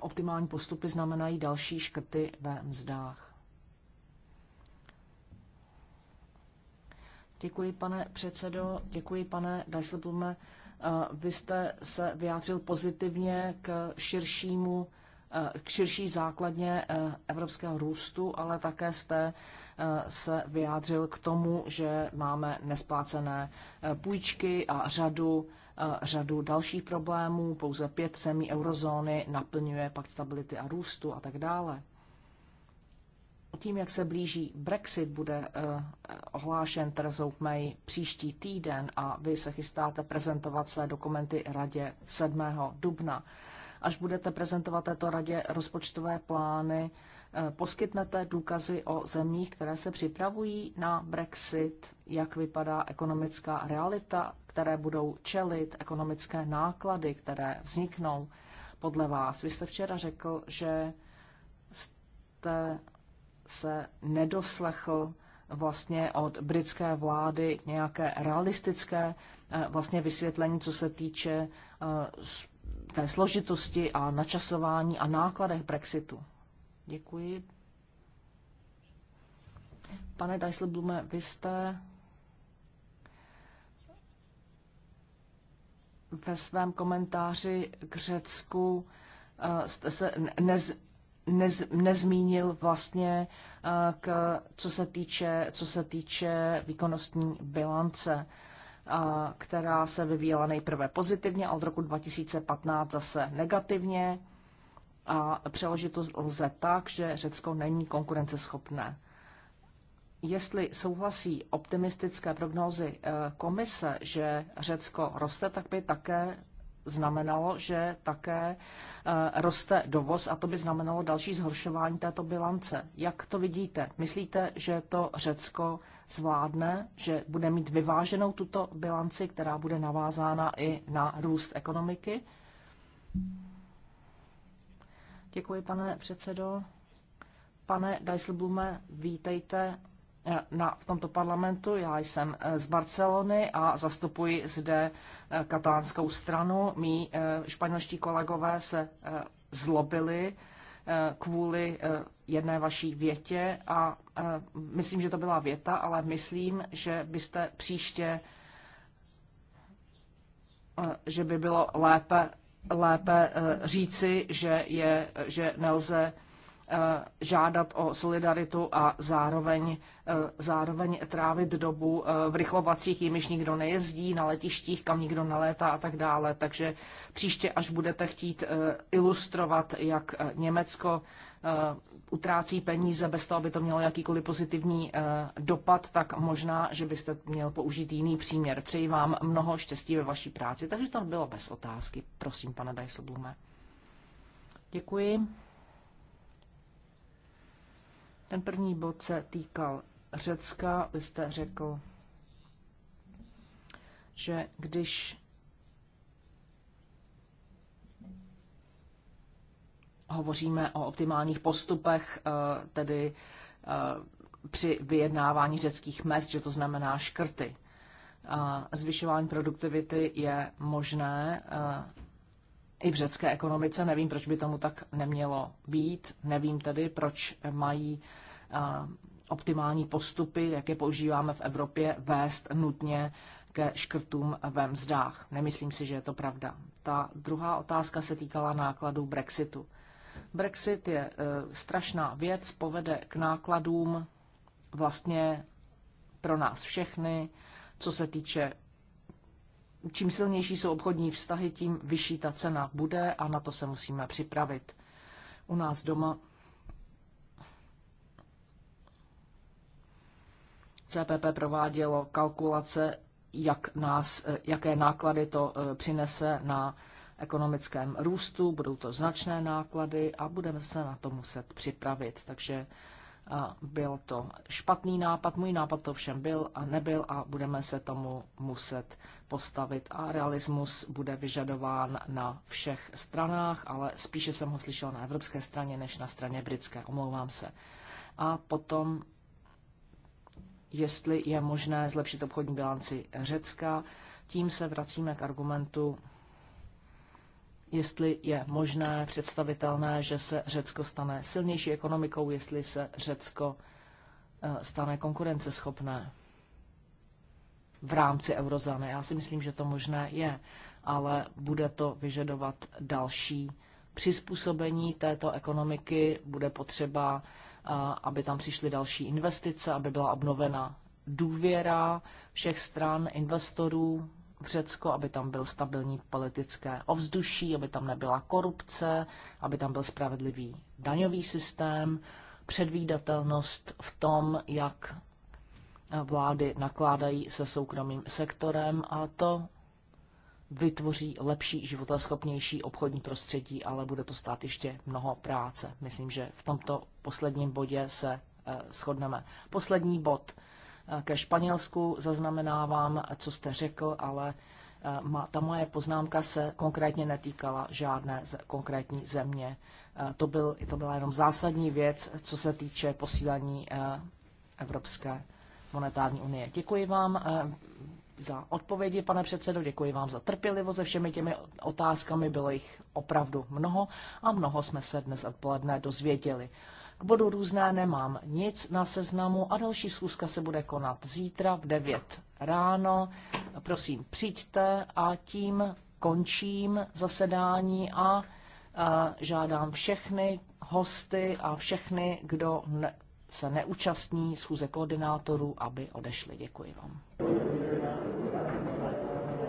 optimální postupy znamenají další škrty ve mzdách. Děkuji, pane předsedo, děkuji, pane Dijsselblume. E, vy jste se vyjádřil pozitivně k širšímu e, k širší základně e, evropského růstu, ale také jste se vyjádřil k tomu, že máme nesplácené půjčky a řadu Eh, řadu dalších problémů. Pouze pět zemí eurozóny naplňuje pak stability a růstu a tak dále. Tím, jak se blíží Brexit, bude eh, ohlášen Terezou May příští týden a vy se chystáte prezentovat své dokumenty radě 7. dubna. Až budete prezentovat této radě rozpočtové plány, Eh, poskytnete důkazy o zemích, které se připravují na Brexit, jak vypadá ekonomická realita, které budou čelit, ekonomické náklady, které vzniknou podle vás. Vy jste včera řekl, že jste se nedoslechl vlastně od britské vlády nějaké realistické eh, vlastně vysvětlení, co se týče eh, té složitosti a načasování a nákladech Brexitu. Děkuji. Pane Dijsselblume, vy jste ve svém komentáři k Řecku eh, jste se nez, nez, nezmínil vlastně, eh, k, co, se týče, co se týče výkonnostní bilance, eh, která se vyvíjela nejprve pozitivně, ale od roku 2015 zase negativně a přeložit to lze tak, že Řecko není konkurenceschopné. Jestli souhlasí optimistické prognózy eh, komise, že Řecko roste, tak by také znamenalo, že také eh, roste dovoz a to by znamenalo další zhoršování této bilance. Jak to vidíte? Myslíte, že to Řecko zvládne, že bude mít vyváženou tuto bilanci, která bude navázána i na růst ekonomiky? Děkuji, pane předsedo. Pane Dijsselblume, vítejte eh, na, v tomto parlamentu. Já jsem eh, z Barcelony a zastupuji zde eh, katalánskou stranu. Mí španělští kolegové se zlobili kvůli jedné vaší větě a myslím, že to byla věta, ale myslím, že byste příště že by bylo lépe lépe eh, říci, že, je, že nelze eh, žádat o solidaritu a zároveň, eh, zároveň trávit dobu v rychlovacích, jimiž nikdo nejezdí, na letištích, kam nikdo nelétá a tak dále. Takže příště, až budete chtít ilustrovat, jak Německo Eh, utrácí peníze bez toho, aby to mělo jakýkoliv pozitivní eh, dopad, tak možná, že byste měl použít jiný příměr. Přeji vám mnoho štěstí ve vaší práci. Takže to bylo bez otázky. Prosím, pane Dajslblume. Děkuji. Ten první bod se týkal Řecka. Vy jste řekl, že když Hovoříme o optimálních postupech, eh, tedy eh, při vyjednávání řeckých mest, že to znamená škrty. Zvyšování produktivity je možné eh, i v řecké ekonomice. Nevím, proč by tomu tak nemělo být. Nevím tedy, proč mají optimální postupy, jak je používáme v Evropě, vést nutně ke škrtům ve mzdách. Nemyslím si, že je to pravda. Ta druhá otázka se týkala nákladů Brexitu. Brexit je eh, strašná věc, povede k nákladům vlastně pro nás všechny, co se týče čím silnější jsou obchodní vztahy, tím vyšší ta cena bude a na to se musíme připravit. U nás doma CPP provádělo kalkulace, jak nás, eh, jaké náklady to eh, přinese na ekonomickém růstu, budou to značné náklady a budeme se na to muset připravit. Takže byl to špatný nápad, můj nápad to všem byl a nebyl a budeme se tomu muset postavit a realismus bude vyžadován na všech stranách, ale spíše jsem ho slyšel na evropské straně než na straně britské, omlouvám se. A potom, jestli je možné zlepšit obchodní bilanci Řecka, tím se vracíme k argumentu jestli je možné, představitelné, že se Řecko stane silnější ekonomikou, jestli se Řecko eh, stane konkurenceschopné v rámci eurozóny. Já si myslím, že to možné je, ale bude to vyžadovat další přizpůsobení této ekonomiky, bude potřeba, eh, aby tam přišly další investice, aby byla obnovena důvěra všech stran, investorů, v Řecko, aby tam byl stabilní politické ovzduší, aby tam nebyla korupce, aby tam byl spravedlivý daňový systém, předvídatelnost v tom, jak vlády nakládají se soukromým sektorem a to vytvoří lepší životaschopnější obchodní prostředí, ale bude to stát ještě mnoho práce. Myslím, že v tomto posledním bodě se eh, shodneme. Poslední bod ke Španělsku, zaznamenávám, co jste řekl, ale eh, ta moje poznámka se konkrétně netýkala žádné konkrétní země. Eh, to, byl, to byla jenom zásadní věc, co se týče posílení eh, Evropské monetární unie. Děkuji vám za odpovědi, pane předsedo, děkuji vám za trpělivost se všemi těmi otázkami, bylo jich opravdu mnoho a mnoho jsme se dnes odpoledne dozvěděli. K bodu různé nemám nic na seznamu a další schůzka se bude konat zítra v 9 ráno. Prosím, přijďte a tím končím zasedání a žádám všechny hosty a všechny, kdo se neúčastní schůze koordinátorů, aby odešli. Děkuji vám.